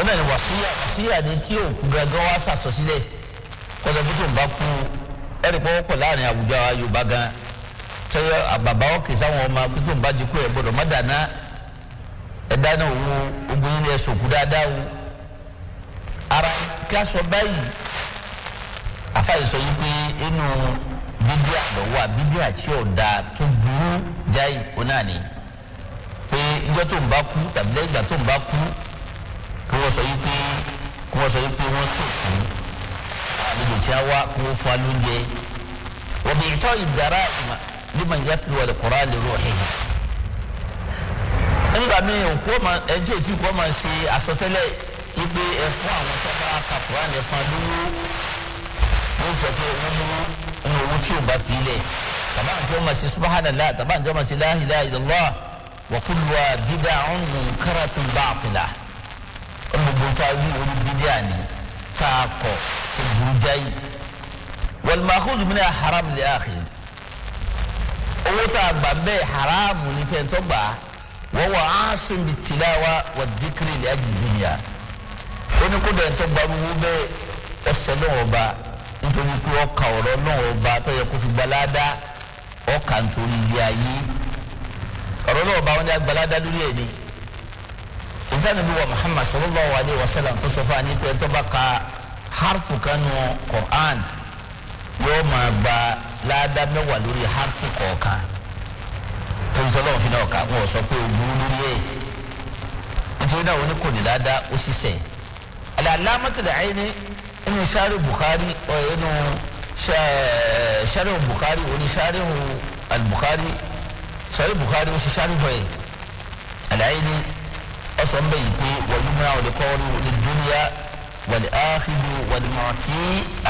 wọn náà ni wàsíyà wàsíyà ni tí òkú gangan wá sàsọsílẹ̀ kọsọfún tó ń bá kú ẹ̀rí pọ́wọ́ pọ̀ láàrin àwùjọ àwa Yorùbá gan tẹ́yọ àbàbà ọ̀kẹ́ sáwọn ọmọ bí tó ń bá ti kú ẹ̀ gbọ́dọ̀ má dáná ẹ̀ dáná òun ogun yín ni ẹ̀ sòkú dáadáa o ara kí a sọ báyìí afáyé yìí pé inú bíbí àlọ́wọ́ bíbí àti ọ̀dà tó burú jáì onáà ni pé ìjọ tó ń bá kú tàbí lẹ́yìn ìgbà tó ń bá kú kí wọ́n sọ yìí pé kí wọ́n sọ yìí pé wọ́n sìnkú àlejò tí a wá kó fa lóúnjẹ òbí ìtọ́ ìdára ìmọ̀ lima ń yàtú wà lẹ́kọ̀ọ́ àlè rọ̀ hẹ́yìn. nígbà míì òkú ọmọ ẹjẹ́ òtí kọ́ máa ṣe àsọtẹ́lẹ̀ ipe ẹ̀fọ́ àwọn sábà kàkúrà nìfọn lówó wọ́n sọ pé wọ́n mú ní owó tí ò bá fi lẹ̀ tàbá àti ọmọ ṣe subahánàlá tàbá àti ọmọ ṣe láhìlá ìdọ̀lọ́ gbogbo tá a wí orí bídí àní tá a kọ òbúrú jáì wal ma'khudh min haram li akhi owó tá a gbà bẹ́ẹ̀ haramu ní fẹ́ntọ́ gbà wọ́n wọ́n á sùn bí tìláwa wà dhikri li ajli dunya ó ní kó dẹ̀ntọ́ gbà wọ́n bẹ́ẹ̀ ọ̀sẹ̀ náà ọba nítorí pé ọkà ọ̀rọ̀ náà ọba tó yẹ kó gbalada ọkà nítorí ilé ayé ọ̀rọ̀ náà ọba wọn ni agbalada lórí ẹ̀ ni ntana bi wa muhammad sallallahu alayhi wa sallam tó sọ fún ani pé tó bá ka harfu kanu qur'an yóò máa gba láàdá mẹ́wàá lórí harfu kọ̀ọ̀kan torí tó lọ́wọ́ fi náà kà wọ́n sọ pé o burú lórí ẹ̀ nítorí náà oní kò ní láàdá ó sì sẹ̀ alàlámàtàlá ẹni inú sáré bukhari inú sáré bukhari oní sáré bukhari sáré bukhari ó sì sáré bọ̀ ẹ̀ alàyé ni ọsọ mbẹ yìí pé wọ́n yìí múra wọlé kọ́ọ́rì wọlé dúnìyà wọlé áhìlú wọlé mọ̀tí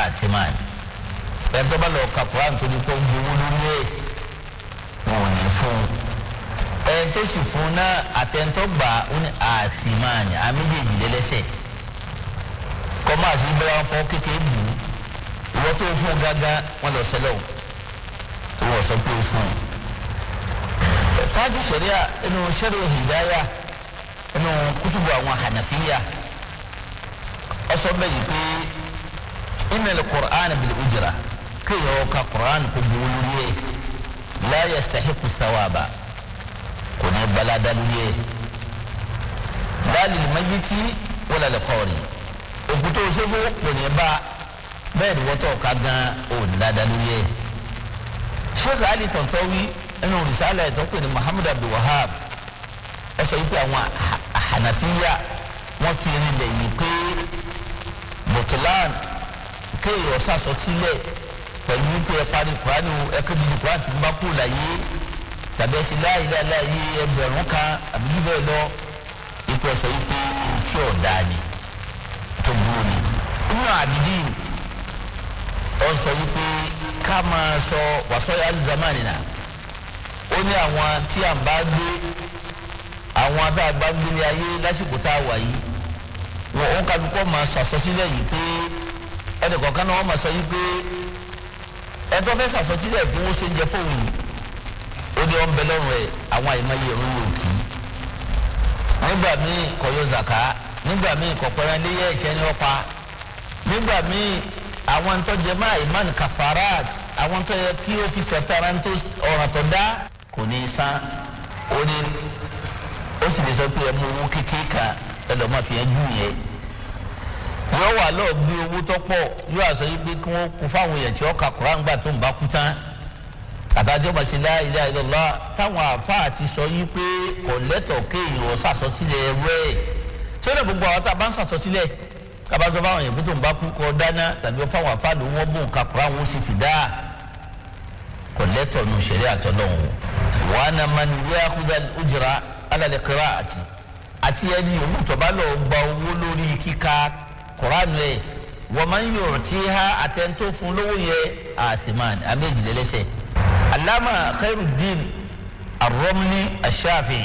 àtìmáà ẹ̀ tọ́ bá lọ ka Quran tó di pé ń gbowó lórí ẹ̀ wọn ò ní fún un ẹ̀ tó sì fún un náà àtẹ̀ntọ́ gbà ó ní àtìmáà ní àméjèèjì lẹ́lẹ́sẹ̀ kọ́máàsì bẹ́ẹ̀ wọn fọ́ kékeré bù ú ìwọ́n o tó ẹnu kutubu àwọn hanafiya ọsọ bẹyì pé ìmẹ̀lẹ̀ qur'an bil ujra kéèyàn ọ̀ka qur'an kò bu olórí yẹ láyé sahiku sawaba kò ní balada lórí yẹ láàlì mayiti wọlé lẹkọọri òkúta òṣèlú kò ní bá bẹ́ẹ̀ ni wọ́tọ̀ ọ̀ka gan òní dáadáa lórí yẹ sheikh ali tọ̀ntọ́wí ẹnu risala ẹ̀tọ́ pé ni muhammadu abdulwahab ẹ sọ wípé àwọn hanafiya wọ́n fi rinlẹ̀ yìí pé bùtùlán kéèyàn sàsọtílẹ̀ pẹ̀lú pé ẹ parí kuranu ẹ kébi ní kuranu tí mo bá kú láyé tàbí ẹ sì láàyè láàyè ẹgbẹ̀rún kan àbí jù bẹ́ẹ̀ lọ ipò ẹ̀sọ́ yìí pé ìtì ọ̀dà ni tó burú ni. nínú àbídí ọ sọ yìí pé ká máa sọ wàsọ yàrá zamani náà ó ní àwọn tí à ń bá gbé àwọn tá a gbàgbélé ayé lásìkò tá a wà yìí wọn òun kálukú ọmọ sàsọsílẹ̀ yìí pé ẹnì kọ̀ọ̀kan náà wọ́n máa sọ yìí pé ẹtọ́ fẹ́ sàsọsílẹ̀ kí wọ́n ṣe ń jẹ fóun ó ní ọ̀n bẹ lọ́rùn ẹ̀ àwọn àìmọye ẹ̀rọ ló kì í nígbà míì kò yọ nígbà míì kò pẹ́rẹ́ léyẹ ẹ̀jẹ̀ ní ọ̀pá nígbà míì àwọn ntọ́jẹ máa iman kafarat àwọn ntọ́jẹ kí ó fi sẹ̀tara ọ̀ràn tó dá kò ní í san ó ní ó sì lè sọ pé ẹ mú owó kékeré kan ẹ lọ́ọ́ máa fi ẹ jù yẹn yóò wà lọ́ọ́ gbé owó tó pọ̀ yóò àṣọ yìí pé kí wọ́n kú fáwọn èèyàn tí wọ́n ka Kùránì gbà tó ń bá kú tán àtàjọ bá ṣe la ilaha illallah táwọn àáfàá ti sọ yìí pé kò lẹ́tọ̀ọ́ kéèyàn ṣàsọtílẹ̀ rẹ̀ tí ó lè gbogbo àwọn tá a bá ń ṣàsọtílẹ̀ ká bá sọ fáwọn èèyàn pé tó ń bá kú kọ́ dáná tàbí fáwọn àáfàá ló wọ́n bò ka Kùránì wọn sì fi dáa kò lẹ́tọ̀ọ́ nù ṣẹ̀rí àtọ́lọ́hún wàá nà máa ń wí àkúdà ujra alálẹ̀ kíra ati ati ẹni yòówù tó bá lọ gba owó lórí kíka koranu ẹ̀ wọ́n máa ń yọ̀ tí ha àtẹ̀ntó fún lówó yẹ àsìmán abéjìdẹ́lẹ́sẹ̀ alama khairuddin aromli ashafi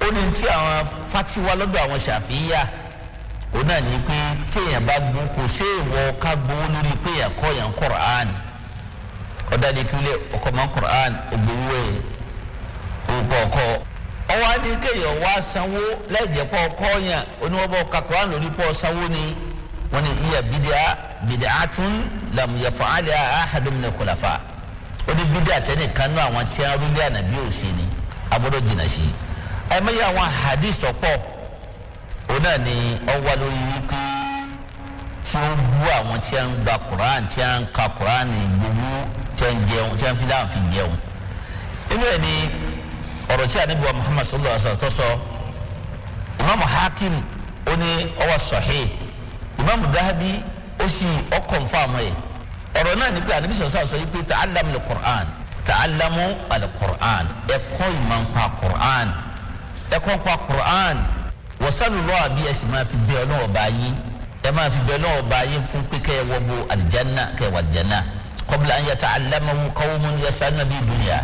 ó ní tí àwọn fatiwa lọ́dọ̀ àwọn ṣàfihàn ó náà ní pé téèyàn bá gbó kò séèwọ̀ ká gbowó lórí pé èèyàn kọ́ yẹn kọ́ran ọ̀dà ní kílẹ̀ ọkọ̀ mọ́ kọ́ran ògbówó ẹ̀ òkọ̀ ọkọ̀ ọwọ́ adi kéèyàn wá sanwó lẹ́jẹ̀pọ̀ kọ́ọ̀yàn oníwọ́bọ̀ kakura lórí pọ̀ sanwó ni wọ́n ní iya bidia bidia tún lamuyafa aliya ahadumina kulafa ó ní bidia tẹ́ nìkan náà àwọn tí a rúlé ànábì òsè ni agbọ́dọ̀ jìnnà sí i ẹ mẹ́yẹ àwọn hadith tó pọ̀ òun náà ni ọ wá lórí wípé tí ó bú àwọn tí a ń gba Quran tí a ń ka Quran gbogbo tí a ń jẹun tí a ń fi dáhùn fi jẹun inú ẹ̀ ni ọ̀rọ̀ tí anabi wa muhammad sallallahu alaihi wa sallam tọ́sọ imaamu hakim ó ní ọwọ́ sahih imaamu dahabi ó sì ọkọ̀ nfààmù yẹ ọ̀rọ̀ náà ni pé anabi sallallahu alaihi wa sallam sọ yìí pé ta'allamu al-Qur'an ta'allamu al-Qur'an ẹ̀kọ́ ìmọ̀ npa Qur'an ẹ̀kọ́ npa Qur'an wasalu lọ́wọ́ bí ẹ̀sì máa fi bẹ́ẹ̀ lọ́wọ́ báyìí ẹ̀ máa fi bẹ́ẹ̀ lọ́wọ́ báyìí fún pé kẹ́ ẹ wọ́ bo aljanna kẹ́ ẹ wà aljanna qabla an yata'allamahu qawmun yasaluna bi dunya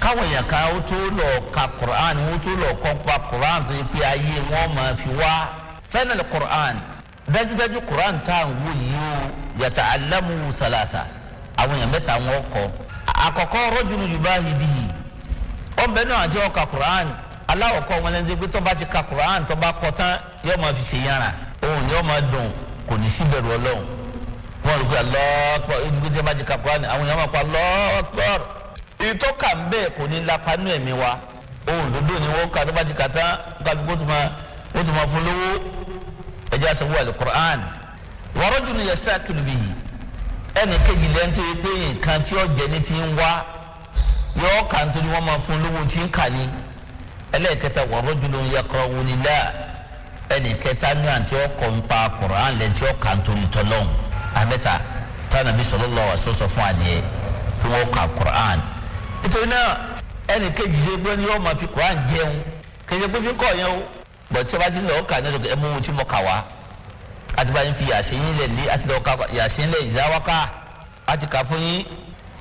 káwọn èèyàn kan ó tó lọ ka quran ó tó lọ kọ́ńpa quran tó yẹ pé ayé wọn máa fi wá fẹ́nẹ̀lì quran dájúdájú quran tá à ń wò yìí ó yàtọ̀ alamu salasa àwọn èèyàn mẹ́ta wọn kọ́ àkọ́kọ́ rọ́jùlù yorùbá yìí bí yìí ọ̀nbẹ náà àti ọ̀ka quran aláwọ̀ kọ́ wọn lẹ́nu pé tó bá ti ka quran tó bá kọ́ tán yóò máa fi ṣe yàrá òun yóò máa dùn kò ní síbẹ̀rù ọlọ́run wọn rò pé alọ́ọ̀pọ̀ ibi tí bá ti ka quran àwọn èèyàn máa pa alọ́ọ̀pọ̀ ìtọ́ka ń bẹ́ẹ̀ kò ní lapa nínú ẹ̀mí wa ohun dòdò ni wọ́n ka tó bá ti kà tán kálukú ó tún máa fún lówó ẹjẹ́ àṣewọ́ alukur'an wàrọ̀ jùlọ yẹ sáà kìlùbí yìí ẹnì kejì lẹ́yìn tó yẹ pé nǹkan tí ọ̀jẹ̀ ní fi ń wá yọ̀ọ́ kà ń torí wọ́n máa fún lówó tí ń kà ní ẹlẹ́ẹ̀kẹta wàrọ̀ jùlọ yẹ kọ́ wọnìlá ẹnì kẹta ní àti ọkọ̀ ń pa kur'an lẹ́yìn tí ọkà ń torí tọ́lọ́hún àbẹ́ta tánàbí sọlọ́lọ́ àṣọ sọ fún àdìẹ kí wọ́n kà nítorí náà ẹnì kejì ṣe pé ní yóò máa fi Quran jẹun kejì ṣe pé fi kọ̀ yẹn o bọ̀ tí a bá ti lọ́ọ́ kà ní ọ̀dọ̀ ẹmu ohun tí mo kà wá àti bá yín fi yàsín lẹ̀ lé àti lọ́ọ́ ká yàsín lẹ̀ ìzáwáká àti kà fún yín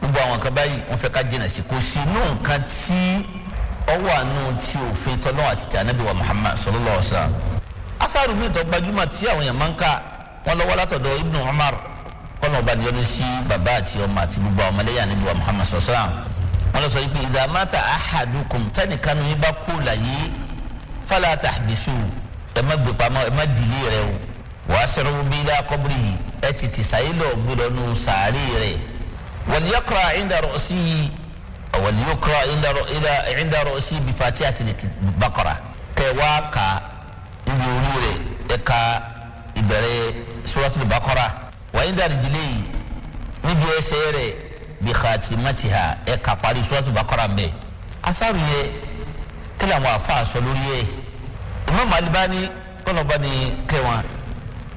gbogbo àwọn kan báyìí wọ́n fẹ́ ká jìnnà sí kò sí inú nǹkan tí ọwọ́ àánú ti òfin tọ́lọ́ àti ti ànábì wa Muhammad sallallahu alaihi wasallam asáàrù mi tó gbajúmọ̀ tí àwọn èèyàn máa ń kà wọ́n lọ́wọ́ látọ̀dọ̀ Ibn Umar kọ́nà ọba níyọ́nú sí bàbá àti ọmọ àti gbogbo àwọn ọmọlẹ́yìn ànábì wa Muhammad sallallahu wọn lọ sọ yìí pé ìdààmátà ahadukum tẹnìkan ní bá kú láyé fala tahbisu ẹ má gbé pamọ́ ẹ má dìlé rẹ o wàá sọ̀rọ̀ bí ilé akọ́bìrì yìí ẹ tètè sáyé lọ gbọ́dọ̀ nù sàárè rẹ wal yaqra inda ru'si wal yaqra inda ru'si bi fatihati al-baqara kẹwàá ka ibi orí rẹ ẹ ka ìbẹ̀rẹ̀ suratul baqara wa inda rijlihi níbi ẹsẹ̀ rẹ bi khatimatiha ẹ kà parí suratu bakara mbẹ asaru yẹ kí làwọn afa aṣọ lórí yẹ Imam Al-Albani kọlọba ni kẹwọn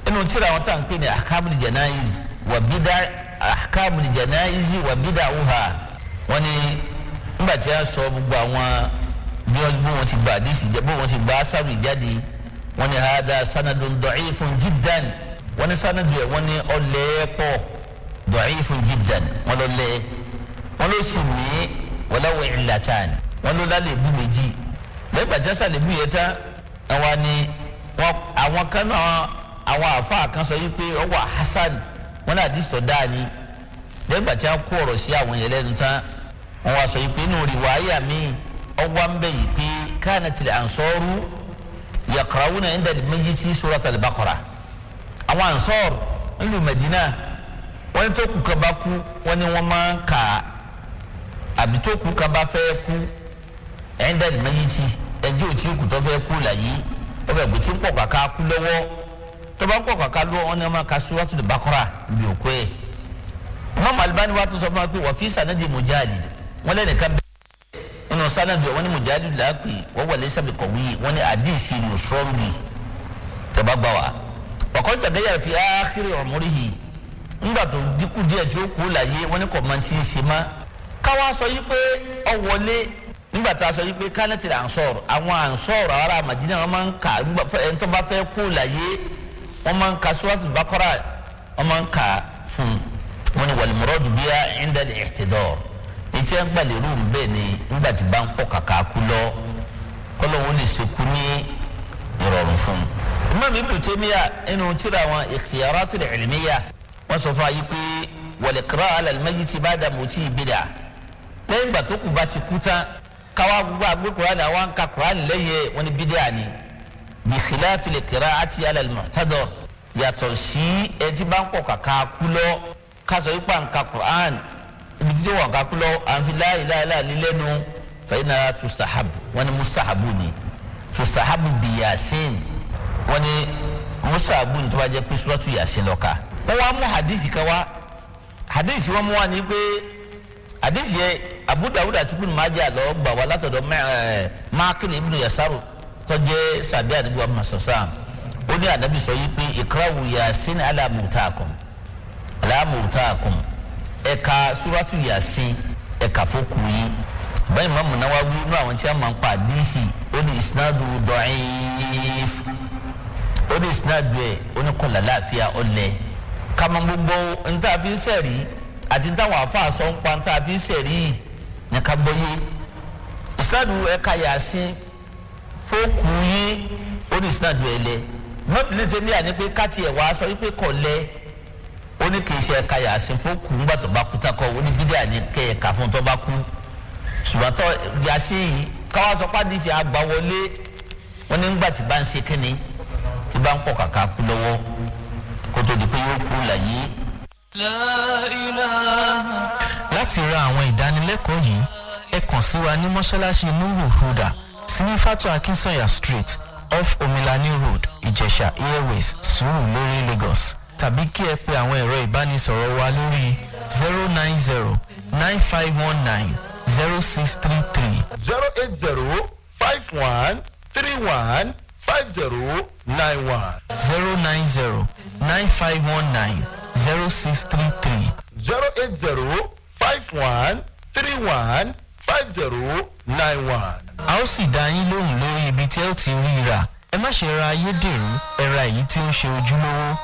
inú tíra àwọn tá à ń pè ní akamul janaiz wà bídà uha wọn ni nígbà tí a sọ gbogbo àwọn bí wọn ti gba àdìsí bí wọn ti gba asaru ìjáde wọn ni hada sanadun da'ifun jiddan wọn ni sanadu yẹ wọn ni ọlẹ́ẹ̀pọ̀ da'ifun jiddan wọn ló lé wọn ló sì ní walaw illatan wọn ló lálẹ́bù méjì lẹ́gbà jásà lẹ́bù yẹn tá àwọn ni àwọn kan náà àwọn àfa kan sọ yìí pé ọwọ́ hasan wọn náà dìsọ̀ dáa ni lẹ́gbà tí wọn kó ọ̀rọ̀ sí àwọn yẹn lẹ́nu tán wọn wá sọ yìí pé inú riwaayà mi ọwọ́ ń bẹ̀ yìí pé kanatil ansoru yaqra'una inda al-majlisi surat al-baqara àwọn ansor ńlù Madina wọ́n tó kù kaba kú wọ́n ní wọ́n máa ń kà á àbí tó kù kaba fẹ́ kú ẹ̀ńdẹ̀lì méjìtì ẹjọ́ òtí kù tó fẹ́ kú làyé ọbẹ̀ kò tí ń pọ̀ kàkà kú lọ́wọ́ tó bá ń pọ̀ kàkà lọ́wọ́ wọ́n ní wọ́n máa ka súwátù lè bákọ́ra bí òkú ẹ̀. Imam Albani wa tó sọ fún wa pé wà fi sanadi Mujahid wọ́n lẹ́nu ká bẹ́ẹ̀ nínú sanadi wọ́n ní Mujahid là á pè wọ́n wà lẹ́sàbẹ̀ kọ̀wé wọ́n ní àdìsí ni òṣùwọ́n bì tẹ́ bá gbà wá. ọ̀kọ́ nígbà tó dínkù díẹ̀ tí ó kú láyé wọ́n ní kọ̀mọ́ntì ń ṣe mọ́ káwá sọ yí pé ọ wọlé nígbà tá a sọ yí pé kánẹ́tì là ń sọ̀rọ̀ àwọn à ń sọ̀rọ̀ ara àmàdínà wọn máa ń kà ẹni tó bá fẹ́ kú láyé wọn máa ń ka sọ́wọ́tì bákọ́rà wọn máa ń kà fún wọn ni wàlúmọ́rọ́dù bíyà ẹ̀ńdẹ́lẹ̀ ẹ̀tẹ̀dọ́ etí ẹ̀ ń gbà lérò bẹ́ẹ̀ ni nígbà tí bá ń pọ̀ kàkà kú lọ kọ́lọ́ wọn lè sekú ní ìrọ̀rùn fún un. Imam Ibn Taymiyyah inú tíra wọn Ikhtiyarat al-Ilmiyah wọ́n sọ fún ayé pé wọlé kíra alàlùmẹ́yì ti bá dààmú tí ì bìdà lẹ́yìn ìgbà tó kù bá ti kú tán káwá gbogbo àgbé kuraani àwọn ń ka kuraani lẹ́yìn wọn ni bìdà ni bi khilafi lè kíra àti alàlùmọ́tàdọ̀ yàtọ̀ sí ẹtí bá ń kọ̀ kàkà kú lọ kásọ̀ yípa ń ka kuraani ibi títí wọn kà kú lọ àfi láyé láyé lílẹ́nu fẹ́yìnà tustahabu wọn ni mustahabu ni tustahabu bi yasin ni mustahabu ni tó bá jẹ́ pé suratu yasin lọ́ka wọ́n wá mú hadith kan wá hadith wọn mú wá ní pé hadith yẹ Abu Dawud àti Ibn Majah lọ gbà wá látọ̀dọ̀ eh, Makil ibn Yasaru tó jẹ́ sàbí àdìgbò amasọ̀sán ó ní ànábì sọ yìí pé ikrawu Yasin ala mutakum ala mutakum ẹ̀ka suratu Yasin ẹ̀ka fókù yìí báyìí máa múná wá wí inú àwọn tí a máa ń pa àdísì ó ní isnadu da'if ó ní isnadu ẹ̀ ó ní kọ̀ọ̀lá láàfíà ọ̀lẹ́ kàmá gbogbo níta fi sẹ̀rí àti táwọn àfa sọ ń pa níta fi sẹ̀rí yìí ní ká gbọ́ yé ìsádù ẹ̀ka yàsín fóòkù yín oníṣínàdù ẹ̀lẹ́ mọ́bìlì tẹ́ ní àní pé káàtì ẹ̀ wá sọ wípé kọ̀ lẹ́ ó ní kì í ṣe ẹ̀ka yàsín fóòkù ńgbà tó bá kú takọ oníbídé àní kẹ́ ẹ̀ka fún tó bá kú ṣùgbọ́n tó yìí káwá sọ pàdé ṣe àgbà wọlé wọn ní ńgbà bá ń ṣe kíni tí bá ń pọ̀ kàkà kú lọ́wọ́ tó di pé yóò kú láyé. láti ra àwọn ìdánilẹ́kọ̀ọ́ yìí ẹ kàn sí wa ní mọ́ṣáláṣí nungu huda sí akinsanya street off omilani road ìjẹ̀sà airways Suru, sùúrùlérè lagos tàbí kí ẹ pe àwọn ẹ̀rọ ìbánisọ̀rọ̀ wa lórí zero nine zero nine five one nine zero six three three. zero eight zero five one three one five zero nine one. zero nine zero nine five one nine zero six three three. zero eight zero five one three one five zero nine one. a ó sì dá yín lóhùn lórí ibi tí ẹ ó ti rí ra ẹ má ṣe ra ayédèrú ẹ ra èyí tí ó ń ṣe ojúlówó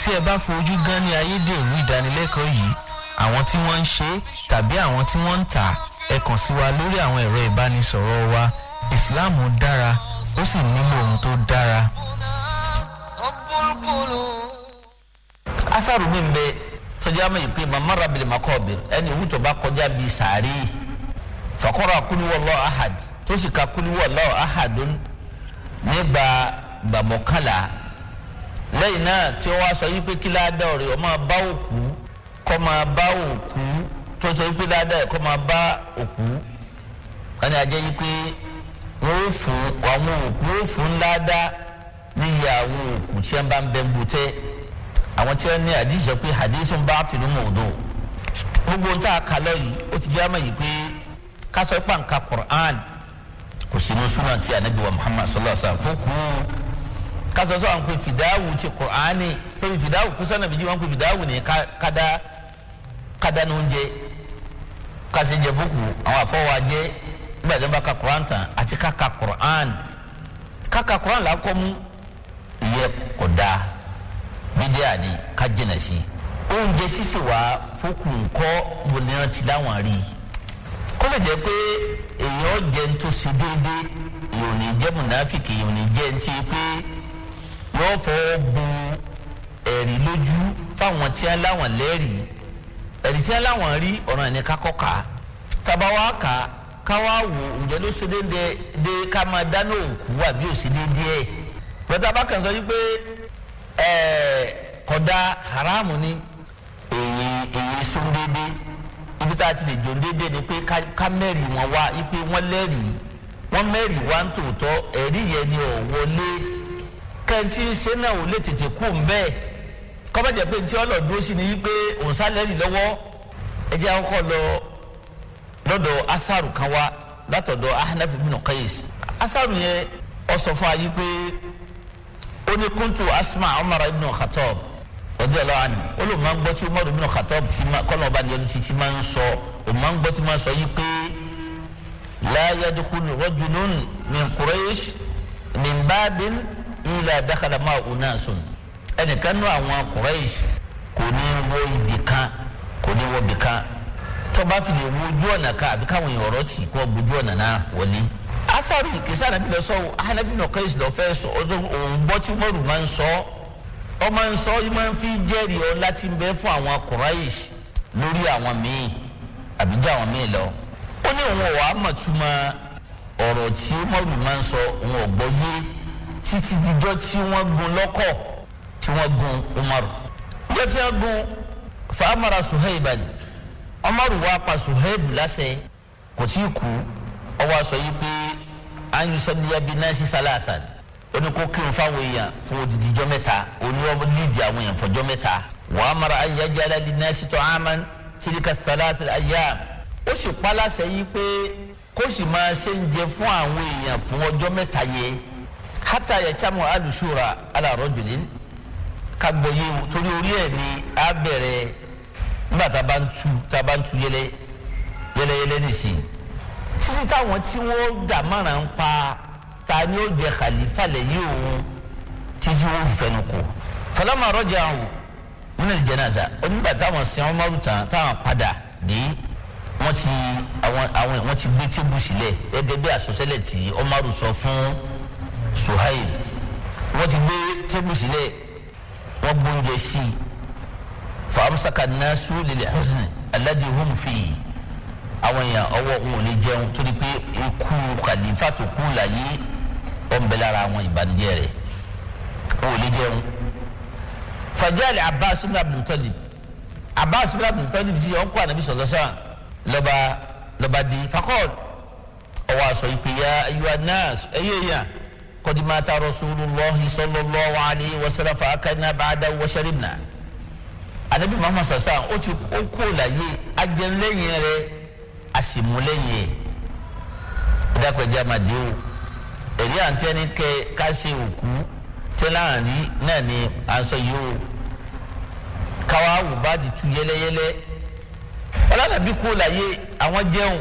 tí ẹ bá fojú gan ní ayédèrú ìdánilẹ́kọ̀ọ́ yìí àwọn tí wọ́n ń ṣe tàbí àwọn tí wọ́n ń tà ẹ kàn sí wa lórí àwọn ẹ̀rọ ìbánisọ̀rọ̀ wa ìsìláàmù dára ó sì nílò ohun tó dára. asaru mi bẹ sọjá mi pé mama rabili makọọbi ẹni owó tó bá kọjá bíi sàárè fakọrọ akuniwọlọ ahad tó sì ka kuniwọlọ ahadun nígbà gbàmọkànlá lẹ́yìn náà tí wọ́n sọ yí pé kí ládàá rẹ̀ ọmọ bá òkú kọ́ máa bá òkú tó sọ yí pé ládàá rẹ̀ kọ́ máa bá òkú wọ́n ní ajẹ́ yí pé. wọ́n fún àwọn òkú wọ́n fún ládàá níyì àwọn òkú tí wọ́n bá ń bẹ́ ń butẹ́ àwọn tí wọ́n ní àdìsẹ́ pé àdìsẹ́ ń bá tìlú mọ̀ọ́dọ̀ gbogbo ń tà kálọ̀ yìí ó ti jẹ́ yìí pé Muhammad sallallahu alaihi wa sallam kásọ̀ pé fìdáwù ti Qur'an fìdáwù wọn pé fìdáwù nígbà tí wọ́n bá ka Quran tán àti kaka Quran kaka Quran là kọ́ mu yẹ kò dáa bídé àní ká jìnà sí i oúnjẹ sísè wá fókùn kọ́ bòlẹ́rán ti láwọn rí i kó lè jẹ́ pé èèyàn jẹ́ ń tó ṣe déédéé èèyàn jẹ́ mùnáfìkì èèyàn jẹ́ ń ti pé yóò fọwọ́ bu ẹ̀rí lójú fáwọn tí wọ́n láwọn lẹ́rìí ẹ̀rí tí wọ́n láwọn rí ọ̀ràn ẹ̀ní kakọ́ ká tabawa ká káwá wò ǹjẹ́ ló ṣe déédéé dé ká máa dáná òkú àbí ò ṣe déédéé ẹ̀ pẹ̀tà bá kàn sọ yí pé kọ̀dá haramu ni èyí èyí sún déédéé ibi tá a ti lè jò déédéé ni pé ká mẹ́rìí wọn wá yí pé wọ́n lẹ́rìí wọ́n mẹ́rìí wá ń tòótọ́ ẹ̀rí yẹn ni ò wọlé kẹ́ntì ṣe náà ò lè tètè kú ń kọ́bẹ̀jẹ̀ pé ntí ọlọ́dún ó sì ní yí pé lọ́wọ́ ẹ jẹ́ àkọ́kọ́ lọ lọ́dọ̀ asaru kan wá látọ̀dọ̀ ahnaf ibn qais asaru yẹn ọsọ fún ayé pé ó ní kuntu asma umar ibn khatab radiyallahu anhu ó lóun máa ń gbọ́ tí umar ibn khatab ti máa kọ́ lọ́ba ní ẹnu ti ti máa ń sọ òun máa ń gbọ́ tí máa ń sọ yìí pé la yadkhulu rajulun min quraish min babin illa dakhala ma'ahu ẹnìkan nú àwọn quraish kò ní wọ ibì kan kò ní wọ ibì kan. tó bá fi lè wo ojú ọ̀nà ká àbí káwọn èèyàn ọ̀rọ̀ tì kọ́ gbójú ọ̀nà náà wọlé. asaru kìsà ànábì lọ sọ ànábì sọ òun gbọ́ tí umaru máa ń sọ ọ máa ń sọ ọ máa ń fi ọ láti ń bẹ fún lọ. ó ní òun ọ̀rọ̀ tí umaru máa ń gun lọ́kọ̀ tí gun umaru. ìjọ tí wọ́n gun Umaru wa pa Suhaibu láṣẹ kò tí ì kú ó wá sọ yìí pé anyusaniya bi nansi salasan ó ní kó kírun fáwọn èèyàn fún odidi jọ́ mẹ́ta òní ọmọ lídìí àwọn èèyàn fọjọ́ mẹ́ta wa amara ayájára li nansi tó aman tilika salasan ayam ó sì pa láṣẹ yìí pé kó sì máa ṣe ń jẹ fún àwọn èèyàn fún ọjọ́ mẹ́ta yẹ hata yachamu alusura ala rojulin kagbọye torí orí ẹ̀ ni a bẹ̀rẹ̀ nígbà tá a bá ń tu tá a bá ń tu yẹlẹ yẹlẹyẹlẹ nìsín títí táwọn tí wọ́n dà mọ́ra ń pa ta ni ó jẹ khalifa lẹ́yìn òun títí wọ́n fẹnu kù fọlọ́mọ àrọ́jà o wọn lè jẹ náà sá onígbà táwọn sin ọmọ ọdún tán táwọn padà dé wọ́n ti àwọn àwọn wọ́n ti gbé tébù sílẹ̀ gẹ́gẹ́ bí àsọsẹ́lẹ̀ tí Ọmaru sọ fún Suhail wọ́n ti gbé tébù sílẹ̀ wọ́n gbóúnjẹ sí fàmsàkà nàásù lil huzni alladhi hum fi àwọn èèyàn ọwọ́ òun ò lè jẹun torí pé ikú khalifa tó kú láyé ọ̀nbẹ́lára àwọn ìbànújẹ́ rẹ̀ òun ò lè jẹun fàjáàlì abbas ibn abdul talib abbas ibn abdul talib sí ọkọ anabi sọlọ sàn lọba lọba di fakọọd ọwọ aṣọ ìpè ya ayiwa nas ẹyẹ yẹn kọdimata rasulillah sallallahu alayhi wa sallam fa akana baada wa sharibna anabi mama sasa o ti o kó láyé ajẹnlẹ́yìn rẹ àsìmúlẹ́yìn ìdákọ̀já máa dé o èrí àǹtẹ́ni kẹ ká ṣe òkú tẹ́láàrí náà ni à ń sọ yìí o káwa wò bá ti tu yẹlẹyẹlẹ ọlọ́nàbí kó láyé àwọn jẹun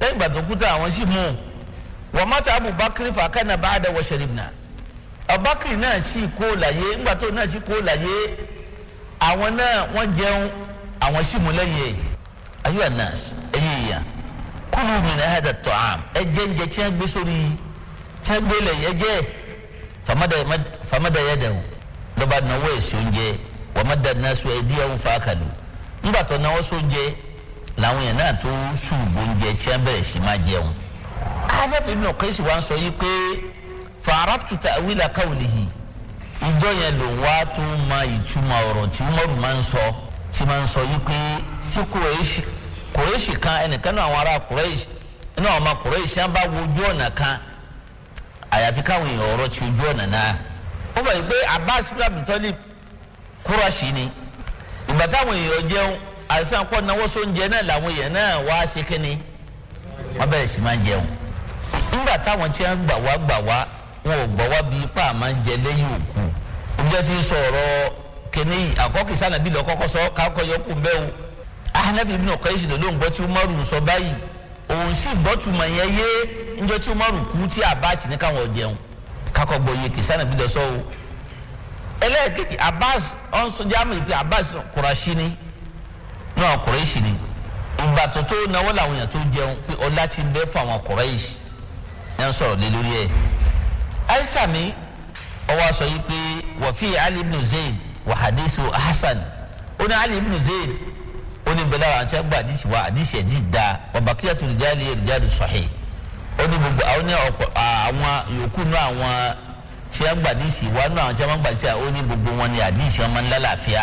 lẹ́yìn ìgbà tó kú tán àwọn sì mú un wọ́n mọ́ta abubakar fàákànnà bá a dẹ̀ wọ́ sẹ́rìbìnà abubakar náà sì kó láyé ńgbà tó náà sì kó láyé àwọn náà wọ́n jẹun àwọn sì mú lẹ́yìn ẹ̀ ayúwà náà ẹ̀yìn ìyà kúlù min hada ta'am ẹ̀jẹ̀ ńjẹ tí wọ́n gbé sórí tí wọ́n gbé lẹ́yìn ẹ̀jẹ̀ famada yadahu lọ́ba náwó èsì oúnjẹ wọ́n má dáná sọ ẹ̀dí ẹ̀hún fàákàlù nígbà tó náwó sóúnjẹ làwọn yẹn náà tó sùgbó oúnjẹ tí wọ́n bẹ̀rẹ̀ sí máa jẹun. ahmed ibn qaisi wa ń sọ yìí pé fa'araftu ta'wila qawlihi ìjọ yẹn ló wá tún ma ìtumọ̀ ọ̀rọ̀ tí umaru máa ń sọ tí máa ń sọ yìí pé tí kùrẹ́ṣì kùrẹ́ṣì kan ẹnìkan náà àwọn ará kùrẹ́ṣì náà ọmọ kùrẹ́ṣì á bá wo ojú ọ̀nà kan àyàfi káwọn èèyàn ọ̀rọ̀ ti ojú ọ̀nà náà ó yìí pé abbas kúrọ̀ṣì ni ìgbà táwọn èèyàn jẹun àìsàn pọ̀ náwó sóúnjẹ náà làwọn èèyàn náà wá ṣe wọ́n bẹ̀rẹ̀ sí máa jẹun nígbà táwọn tí wọ́n gbà wá gbà wá wọn ò gbọ́ wá bí ipá àmà ń jẹ lẹ́yìn òkú ti sọ̀rọ̀ àkọ́kì yọkù o ahanafi ibi tí sọ báyìí òun sì gbọ́ yẹn yé tí kú tí abasi ní káwọn jẹun kakọ gbọ yẹ kìsàn àbí lọ sọ o ẹlẹ́ẹ̀kejì abas ọ̀nsọ́jà àmì pé abas kùràṣí ni náà kùrẹ́ṣì ni ìgbà tó tó náwó làwọn èèyàn tó jẹun pé aisami ọwọ́ sọ yìí pé wọ́fí ali ibn zayd wà hadithu hasan ó ní ali ibn zayd ó ní bẹ́lẹ́ àwọn àti ẹgbẹ́ àdìsí wa àdìsí ẹ̀dí da ọ̀bàkíyà tó lè jáde ẹ̀rí jáde sọ̀hí ó ní gbogbo àwọn ọ̀pọ̀ àwọn yòókù náà àwọn tí wọ́n gba àdìsí wa náà àwọn tí wọ́n gba àdìsí wa ó ní gbogbo wọn ní àdìsí wọn máa ń lálàáfíà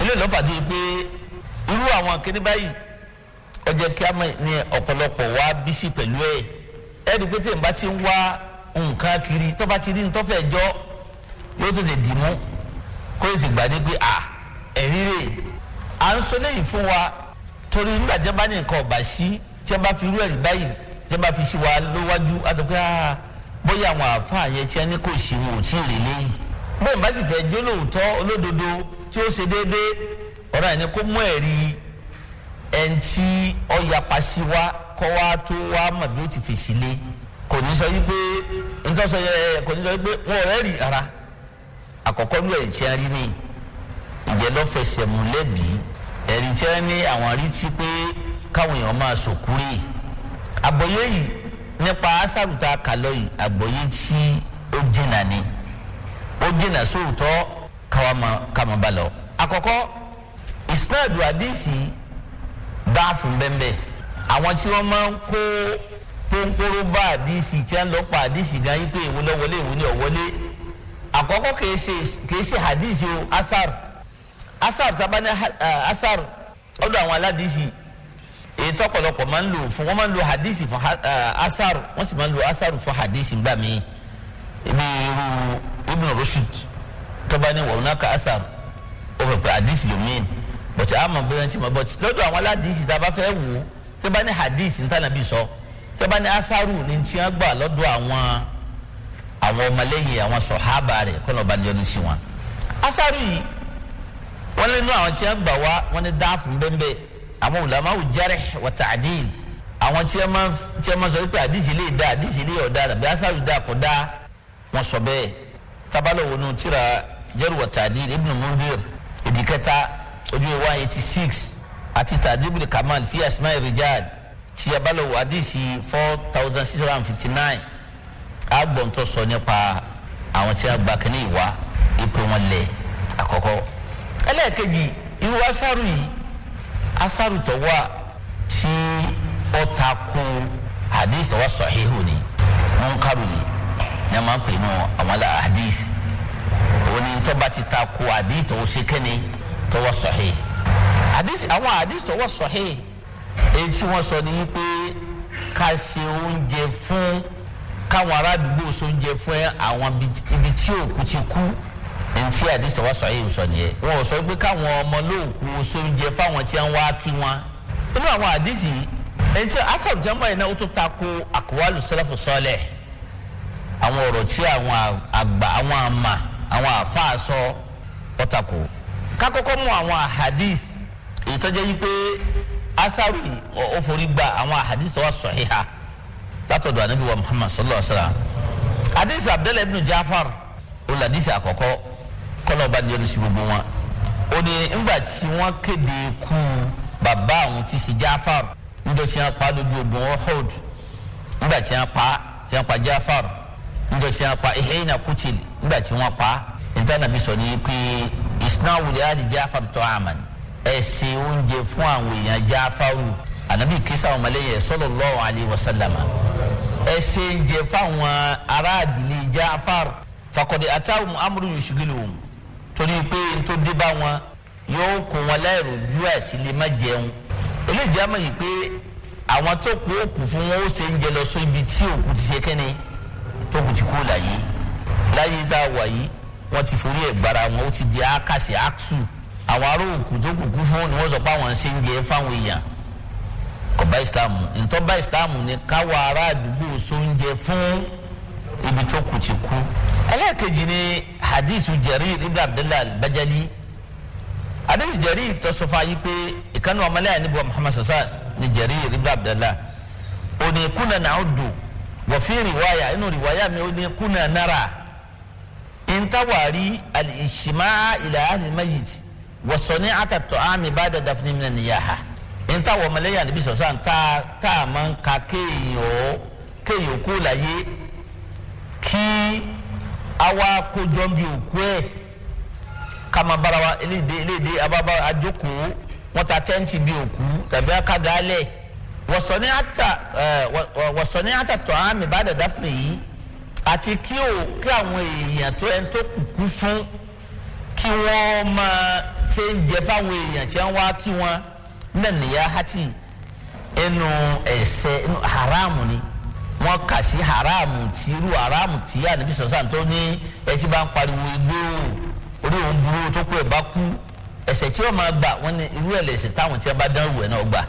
ilé ìlọ́fà tó pé irú àwọn kéde báyìí ọjọ́ kí á mọ̀ ní ọ̀pọ̀lọpọ̀ wa bísí pẹ̀lú ẹ̀ ẹ́ẹ́dì pé tí n bá ti ń wá nǹkan kiri tó bá ti rí nítorí fẹ́ jọ yóò tètè dì mú kó lè ti gbàdé pé à ẹ̀rí rè à ń sọ lẹ́yìn fún wa torí nígbà tí wọ́n bá ní nǹkan ọ̀bà sí tí wọ́n bá fi irú ẹ̀rí báyìí tí wọ́n bá fi sí wa lówájú àtọ́pẹ́ àá bóyá àwọn àáfàá yẹn tí wọ́n ní kò sí wọn ò tí ì rí léyìí bóyá bá sì fẹ́ jó lóòótọ́ olódodo tí ó ṣe déédéé ọ̀rọ̀ yẹn kó mú ẹ̀rí ẹ̀ńtí ọ̀yàpá sí tó wa mọ̀ bí ó ti fèsì lé kò ní sọ yí pé ntọ́sọ yẹ kò ní sọ yí pé wọn ọ̀rẹ́ rì ara àkọ́kọ́ ló ẹ̀ rí ni ìjẹ́lọ́fẹsẹ̀ múlẹ́bí ẹ̀rí tí a ní àwọn arítí pé káwọn èèyàn máa sòkúrè àgbọ̀yé yìí nípa asàrùtà kàlọ́ yìí àgbọ̀yé tí ó jìnnà ni ó jìnnà sóòótọ́ káwọn bá lọ. àkọ́kọ́ ìsìnàdù àdìsí dáàfù bẹ́ẹ̀ bẹ́ẹ̀ àwọn tí wọ́n máa ń kó. pónpóró bá àdìsí tí a ń lọ pa àdìsí gan yín pé èwo lọ wọlé èwo ni ò wọlé àkọ́kọ́ kìí ṣe o asar asar taba eh, asar àwọn aládìsí èyí máa ń lò fún máa ń lo àdìsí fún eh, asar sì máa ń lo asar fún àdìsí gbà mí ibi irú náà ka asar ó pé àdìsí ló bọ̀tí àmọ̀ bọ̀tí lọ́dọ̀ àwọn aládìsí tá a bá fẹ́ wò ó bá ní àdìsí ní tànàbí sọ. tẹ́bá ní asaru ní tí wọ́n gbà lọ́dọ̀ àwọn àwọn ọmọlẹ́yìn àwọn sọ̀hábà rẹ̀ kọ́nà ọba níjọ́ ní sí wọn. asaru yìí wọ́n lé nú àwọn tí wọ́n gbà wá wọ́n ní dáàfù bẹ́ẹ̀ àwọn ulamaw jarh wa ta'dil àwọn tí wọ́n máa sọ wípé àdìsí lè dá àdìsí lè ọ̀dá àbí asaru dá kò dá wọ́n sọ bẹ́ẹ̀ tábàlọ̀ wo nu tíra jarh wa ta'dil ibn mundir ìdíkẹta ojú one eighty six àti tàdébìlì kamal fi asma'i rijal tí a bá lọ wò àdìsí four thousand six hundred and fifty nine agbọ̀ntọ́ sọ nípa àwọn tí a gba kínní ìwà ipò wọn lẹ̀ àkọ́kọ́ ẹlẹ́ẹ̀kejì irú asaru yìí asaru tó wà tí ó ta kú àdìsí tó wà sọ̀híhù ni wọ́n kárù ni ní a máa ń pè ní àwọn àdìsí òun ni tó bá ti ta kú àdìsí tó wọ́n ṣe kẹ́ni tó wà sọ̀híhù àdìsí àwọn àdìsí tó wà sọ̀híhù. èyí wọn sọ ni wípé ká ṣe oúnjẹ fún káwọn ará àdúgbò sóúnjẹ fún àwọn ibi tí òkú ti kú ntí àdìsọ wa sọ yìí sọ nìyẹn wọn ò sọ pé káwọn ọmọ lóòkú fáwọn tí wọn wá kí wọn àwọn àdìsí ntí jamba yìí náà ó tún ta ko sẹlẹfù sọlẹ àwọn tí àwọn àgbà àwọn àmà àwọn ọtakò àwọn àhadìs asaru ó forí gba àwọn àhàdìsí wa sọ̀híhà látọ̀dọ̀ anabi wa muhammad sallallahu alaihi wa sallam àdìsí abdullahi ibn jafar olùdàdìsí àkọ́kọ́ kọ́lọ́ba ni yọnu sí gbogbo wọn ó ní ńgbà tí wọ́n kéde kú bàbá àwọn tí ṣe jafar níjọ́ tí wọ́n pa lójú ogun Uhud nígbà tí wọ́n pa tí wọ́n pa Jaafar, níjọ́ tí wọ́n pa ihina kutil nígbà tí wọ́n pa ìtànàbí sọ ní pé isna wùdí Jaafar jafar tó ẹ ṣe oúnjẹ fún àwọn èèyàn jáfáwù ànábì kisa ọmọlẹ́yìn sallallahu alaihi wasallam ẹ ṣe oúnjẹ fáwọn aráàdìlẹ̀ jáfáwù fakọ̀dé àtàwọn amúrú yòṣùgìlì wọn torí pé tó dé bá wọn yóò kó wọn láìrò ju àti lè má jẹun eléjì àmọ́ yìí pé àwọn tó kú òkú fún wọn ó ṣe oúnjẹ lọ sọ ibi tí òkú ti ṣe kẹ́ni tó kù ti kú láyé láyé tá a wà yìí wọ́n ti forí ẹ̀ gbára wọn ó ti di ákàsì áksù àwọn ará òkú tó kúkú fún ni wọ́n sọ pé àwọn ṣe ń jẹ fáwọn èèyàn ọba ìsìlámù ntọ́ba ìsìlámù ni káwọn ará àdúgbò sóúnjẹ fún ibi tó kù ti kú. ẹlẹ́ẹ̀kejì ni hadith Jarir ibn Abdullah al-Bajali hadith Jarir tó sọ fún ayé pé ìkànnì ọmọlẹ́yà níbo Muhammad sasa ni Jarir ibn Abdullah òní kúnà náà dùn wọ́n fi rìwáyà inú rìwáyà mi òní kúnà nára ntawari al-ishma ila wɔsɔne atatɔ ami ba da dafini mi na ne ya ha nta wɔ malaria ne bi sɔ san taa man ka kéèyàn kéèyàn kó la ye kí awa kójọ bi òkú ɛ kama barawa eléde eléde ababa adjoko wọn ta tẹ́ǹtì bi òkú tàbí akada alẹ́ wɔsɔne ata ɛɛ wɔ wɔsɔne atatɔ ami ba da dafini yìí àti kí o kí àwọn èèyàn tó ẹ̀ ń tó kùkú kí wọ́n máa ṣe ń jẹ fáwọn èèyàn tí wọ́n wá kí wọ́n náà nìyá hati ẹnu ẹ̀ṣẹ̀ ẹnu haramu ni wọ́n kà sí haramu tí irú haramu tí ànábi sọ̀sán tó ní ẹtí bá ń pariwo igbó orí òun burú tó kú ẹ̀ bá kú ẹ̀ṣẹ̀ tí wọ́n máa gbà wọ́n ní irú ẹ̀ lẹ̀ṣẹ̀ táwọn tí wọ́n bá dánwò ẹ̀ náà gbà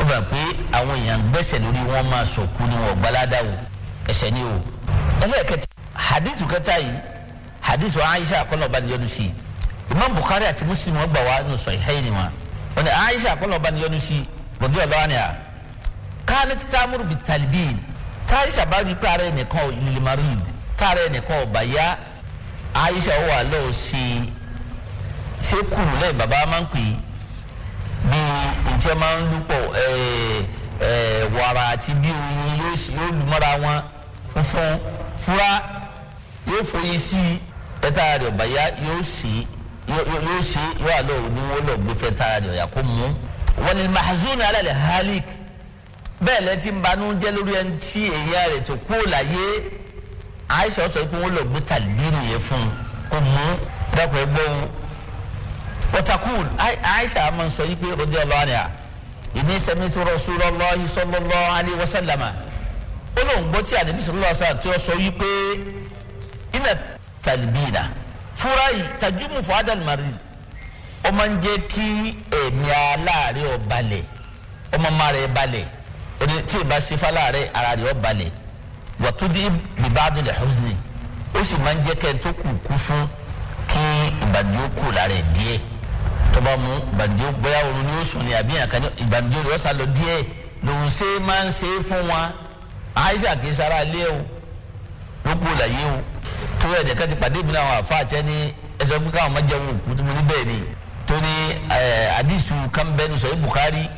ó fẹ́ pé àwọn èèyàn gbẹ́sẹ̀ lórí wọn máa sọ̀kú ni wọ́n gbalada o ẹ̀ṣẹ̀ ni o ẹlẹ́ẹ̀kẹta hadithu kẹta yìí hadithu Aisha akọ́nà ọba níyọnu sí i imam bukhari àti muslim wọn gbà wá nù sahihaini wọn wọn ni aisha akọlọba ni yọnu si rọbí ọlọ́wani a káàní ti táàmúrù bi talibin táyísà bá rí pààrẹ nìkan lilimarid táàrẹ nìkan ọ̀bàyà aisha wà lọ́wọ́ sí ṣé kùrù lẹ́yìn bàbá máa ń pè bí ìjẹ́ máa ń lúpọ̀ wàrà àti bí oyin yóò lù mọ́ra wọn funfun fura yóò foyín sí ẹ̀ta rẹ̀ ọ̀bàyà yóò sí yóò ṣe yóò àlọ́ òní wọ́n lọ gbé fẹ́ tara rẹ̀ ọ̀yà kó mú. wọ́n ní mahzuna ala al halik bẹ́ẹ̀ lẹ́tí ń banú jẹ́ lórí ẹni tí èyí rẹ̀ tó kú láyé Aisha sọ pé wọ́n lọ gbé tàlílì yẹn fún kó mú dákun ẹ gbọ́ Aisha máa ń sọ yí pé rọ́dí ọlọ́wà ni à ìní sẹ́mi tó Rasulullahi sallallahu alaihi wasallama ó lóun gbọ́ tí àdébísọ̀ lọ́wọ́ sá tí ó sọ yí pé ìnà tàlíbìnà fúra tajumu fuadal marid ó máa ń jẹ́ kí ẹ̀mí aláàárẹ̀ ó balẹ̀ ọmọ máa rẹ̀ balẹ̀ ẹni tí ì bá ṣe fáláàárẹ̀ ara rẹ̀ ó balẹ̀ wàtúndì bíbáàdì lè hùsùnì ó sì máa ń jẹ́ kẹ́ ẹ̀ tó kù kú fún kí ìbàdí ó kù lára tọba mu ìbàdí ó bóyá ni ó sùn ní àbí àkànní ìbàdí ó lọ sá lọ díẹ̀ lòun ṣe máa ń ṣe é wa àìsàn kì í o ló kù láyé o tó ẹnìkan ti pàdé mi náà àfa àti ẹni ẹsẹ pé káwọn máa jẹun òkú tó mo ní bẹ́ẹ̀ ni tó ní àdìsù kánbẹ́nu sọ Bukhari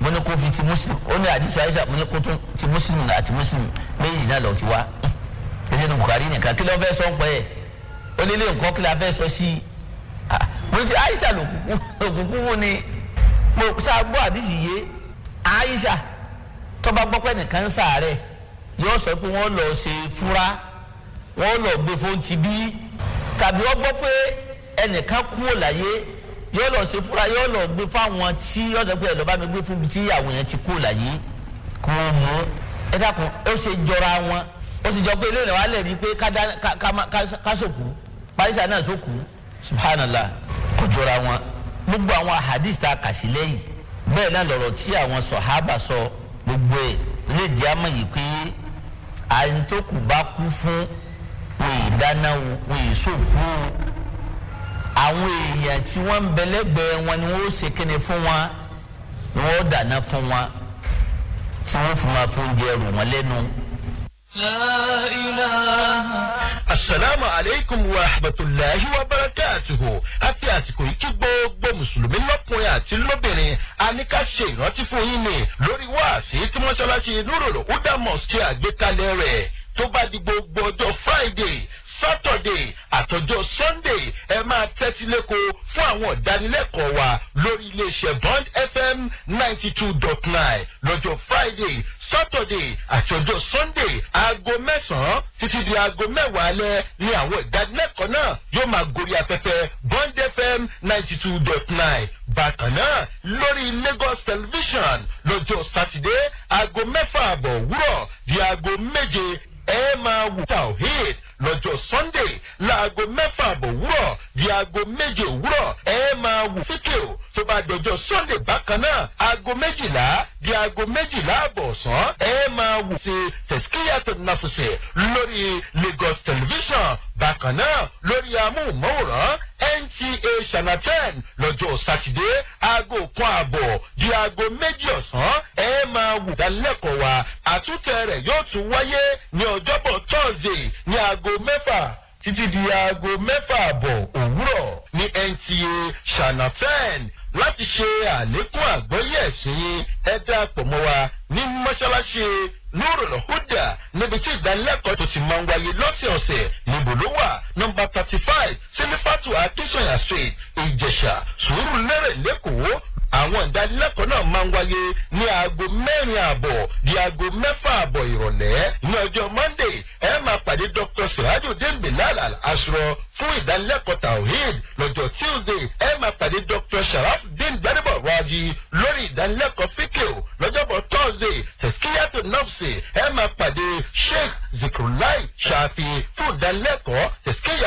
mo ní kó fi ti Muslim ó ní àdìsù Aisha mo ní kó tó ti Muslim àti Muslim méjì náà lọ ti wá ẹsẹ ní Bukhari nìkan kí ló fẹ́ sọ ń pẹ́ ẹ̀ ó nílé nǹkan kí la fẹ́ sọ sí i mo ní sẹ Aisha lòkùnkùn fún ni mo sáà gbọ́ àdìsù yé Aisha tó bá nìkan ń sàárẹ̀ yóò sọ pé wọ́n lọ ṣe fúra wọ́n lọ gbé fún ti bí tàbí wọ́n gbọ́ pé ẹnìkan kúrò láyé yóò lọ ṣe fúra yóò lọ gbé fáwọn tí yóò sọ pé ẹ lọ bá mi gbé fún tí àwọn yẹn ti kúrò láyé kó o mú ẹ dákun ó ṣe jọra wọn ó sì jọ pé ilé ìlànà wa lè rí i pé ká sòkú parisa náà sòkú subhanallah kò jọra wọn gbogbo àwọn ahadis tá kà sí lẹ́yìn bẹ́ẹ̀ náà lọ̀rọ̀ tí àwọn sọ̀hábà sọ gbogbo ẹ̀ lè jẹ́ àmọ̀ yìí pé àyíntòkù bá kú fún wọn yìí dáná wọn yìí sòkú àwọn èèyàn tí wọ́n ń bẹ̀lẹ́gbẹ̀ẹ́ wọn ni wọ́n ó ṣe kíni fún wọn ni wọ́n ó dáná fún wọn tí wọ́n fún wọn fún oúnjẹ rò wọ́n lẹ́nu. Asalaamu aleykum wa rahmatulahi wa barakatuhu àti àsìkò yìí kí gbogbo mùsùlùmí lọ́kùnrin àti lóbìnrin a ní ká ṣe ìrántí fún yín ni lórí wáàsí tí mọ́ṣáláṣí nurul huda mosque àgbékalẹ̀ rẹ̀ tó bá di gbogbo ọjọ́ friday saturday àtọjọ́ sunday ẹ máa tẹ́tí lẹ́kọ̀ọ́ fún àwọn ìdánilẹ́kọ̀ọ́ wa lórí iléeṣẹ́ bond fm ninety two dot nine lọ́jọ́ friday saturday àtọjọ́ sunday aago mẹ́sàn-án títí di aago mẹ́wàá alẹ́ ni àwọn ìdánilẹ́kọ̀ọ́ náà yóò máa gorí afẹ́fẹ́ bond fm ninety two dot nine bákan náà lórí lagos television lọ́jọ́ saturday aago mẹ́fà àbọ̀ òwúrọ̀ di aago méje ẹ máa wù tawhid lọ́jọ́ sunday láago mẹ́fà àbọ̀ wúrọ̀ di aago méje òwúrọ̀ ẹ máa wù fíkìrù tó bá dọjọ́ sunday bákan náà aago méjìlá di aago méjìlá àbọ̀ ọ̀sán ẹ máa wù sí tẹ̀síkíyàtò nàfẹ̀sẹ̀ lórí lagos television bákan náà lórí amóhùnmáwòrán nta ṣànà ten lọ́jọ́ sátidé aago kan àbọ̀ di aago méjì ọ̀sán ẹ máa wù dálẹ́kọ̀ọ́ wa àtúntẹ̀ rẹ̀ yóò tún wáyé ní ọjọ́bọ̀ tọ́sídẹ̀ẹ́ ní aago mẹ́fà títí di aago mẹ́fà àbọ̀ òwúrọ̀ ní nta ṣànà ten láti ṣe àlékún àgbọ́yé ẹ̀sìn ẹ̀dá pọ̀ mọ́ wa ní mọ́ṣáláṣí lóòrùn húdà níbi tí ìdánilẹ́kọ̀ọ́ tó ti máa ń wáyé lọ́sẹ̀ọ̀sẹ̀ níbo ló wà nọmba thirty five sílífàtù akínsọ̀yà street ìjẹ̀ṣà sùúrù lẹ́rẹ̀ lẹ́kọ̀ọ́ àwọn ìdánilẹ́kọ̀ọ́ náà máa ń wáyé ní aago mẹ́rin ààbọ̀ di aago mẹ́fà ààbọ̀ ìrọ̀lẹ́ ní ọjọ́ monday ẹ máa pàdé dr sirajudeen bilal al-asro fún ìdánilẹ́kọ̀ọ́ tawhid lọ́jọ́ tuesday ẹ máa pàdé dr sharafdeen gbadebo raji lórí ìdánilẹ́kọ̀ọ́ fikio lọ́jọ́bọ̀ thursday tẹ̀síkíyàtò nọ́ọ̀sì ẹ máa pàdé sheikh zikrulai ṣàfi fún ìdánilẹ́kọ̀ọ́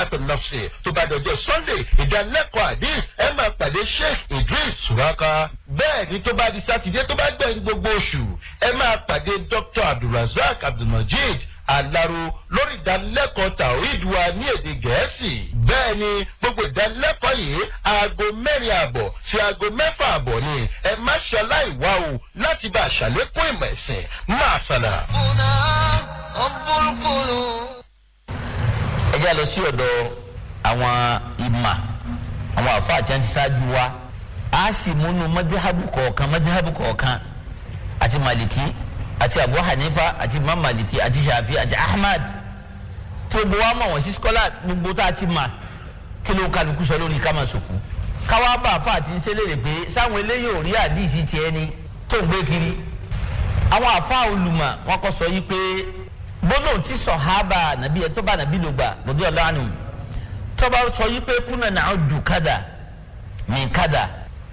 àtọ̀ nọ́ọ̀sì tó bá dọ̀jọ́ sunday ìdánilẹ́kọ̀ọ́ àdìs ẹ máa pàdé sheikh idris suraka bẹ́ẹ̀ ni tó bá di sátidé tó bá gbẹ̀yìn gbogbo oṣù ẹ máa pàdé dr abdulrasaq abdulmajid alaro lórí ìdánilẹ́kọ̀ọ́ tawhid wa ní èdè gẹ̀ẹ́sì bẹ́ẹ̀ ni gbogbo ìdánilẹ́kọ̀ọ́ yìí aago mẹ́rin àbọ̀ sí aago mẹ́fà àbọ̀ ni ẹ má ṣe aláìwá o láti bá àṣàlékún ìmọ̀ ẹ̀sìn máa sànà ẹjẹ́ lọ sí ọ̀dọ̀ àwọn ìmà àwọn àfa àti àti ṣáájú wa a sì múnú mọ́díhábù kọ̀ọ̀kan mọ́díhábù kọ̀ọ̀kan àti màlìkí àti abu hanifa àti imam màlìkí àti ṣàfi àti ahmad tó bó wa mọ̀ wọ́n sí skọ́là gbogbo tá a ti mà kí ló kálukú sọ lórí ká máa sòkú káwá bá àfa àti ń ṣẹlẹ̀ rè pé sáwọn eléyìí ò rí àdìsí tiẹ̀ ni tó ń gbé kiri àwọn àfa olùmọ̀ wọn kọ́ sọ yí pé bọ́nà tí sọ̀hábà nàbí ẹ̀ nàbí ló lọ́dún ọ̀la tọ́ba sọ yí pé kúnà náà dùn kádà mí kádà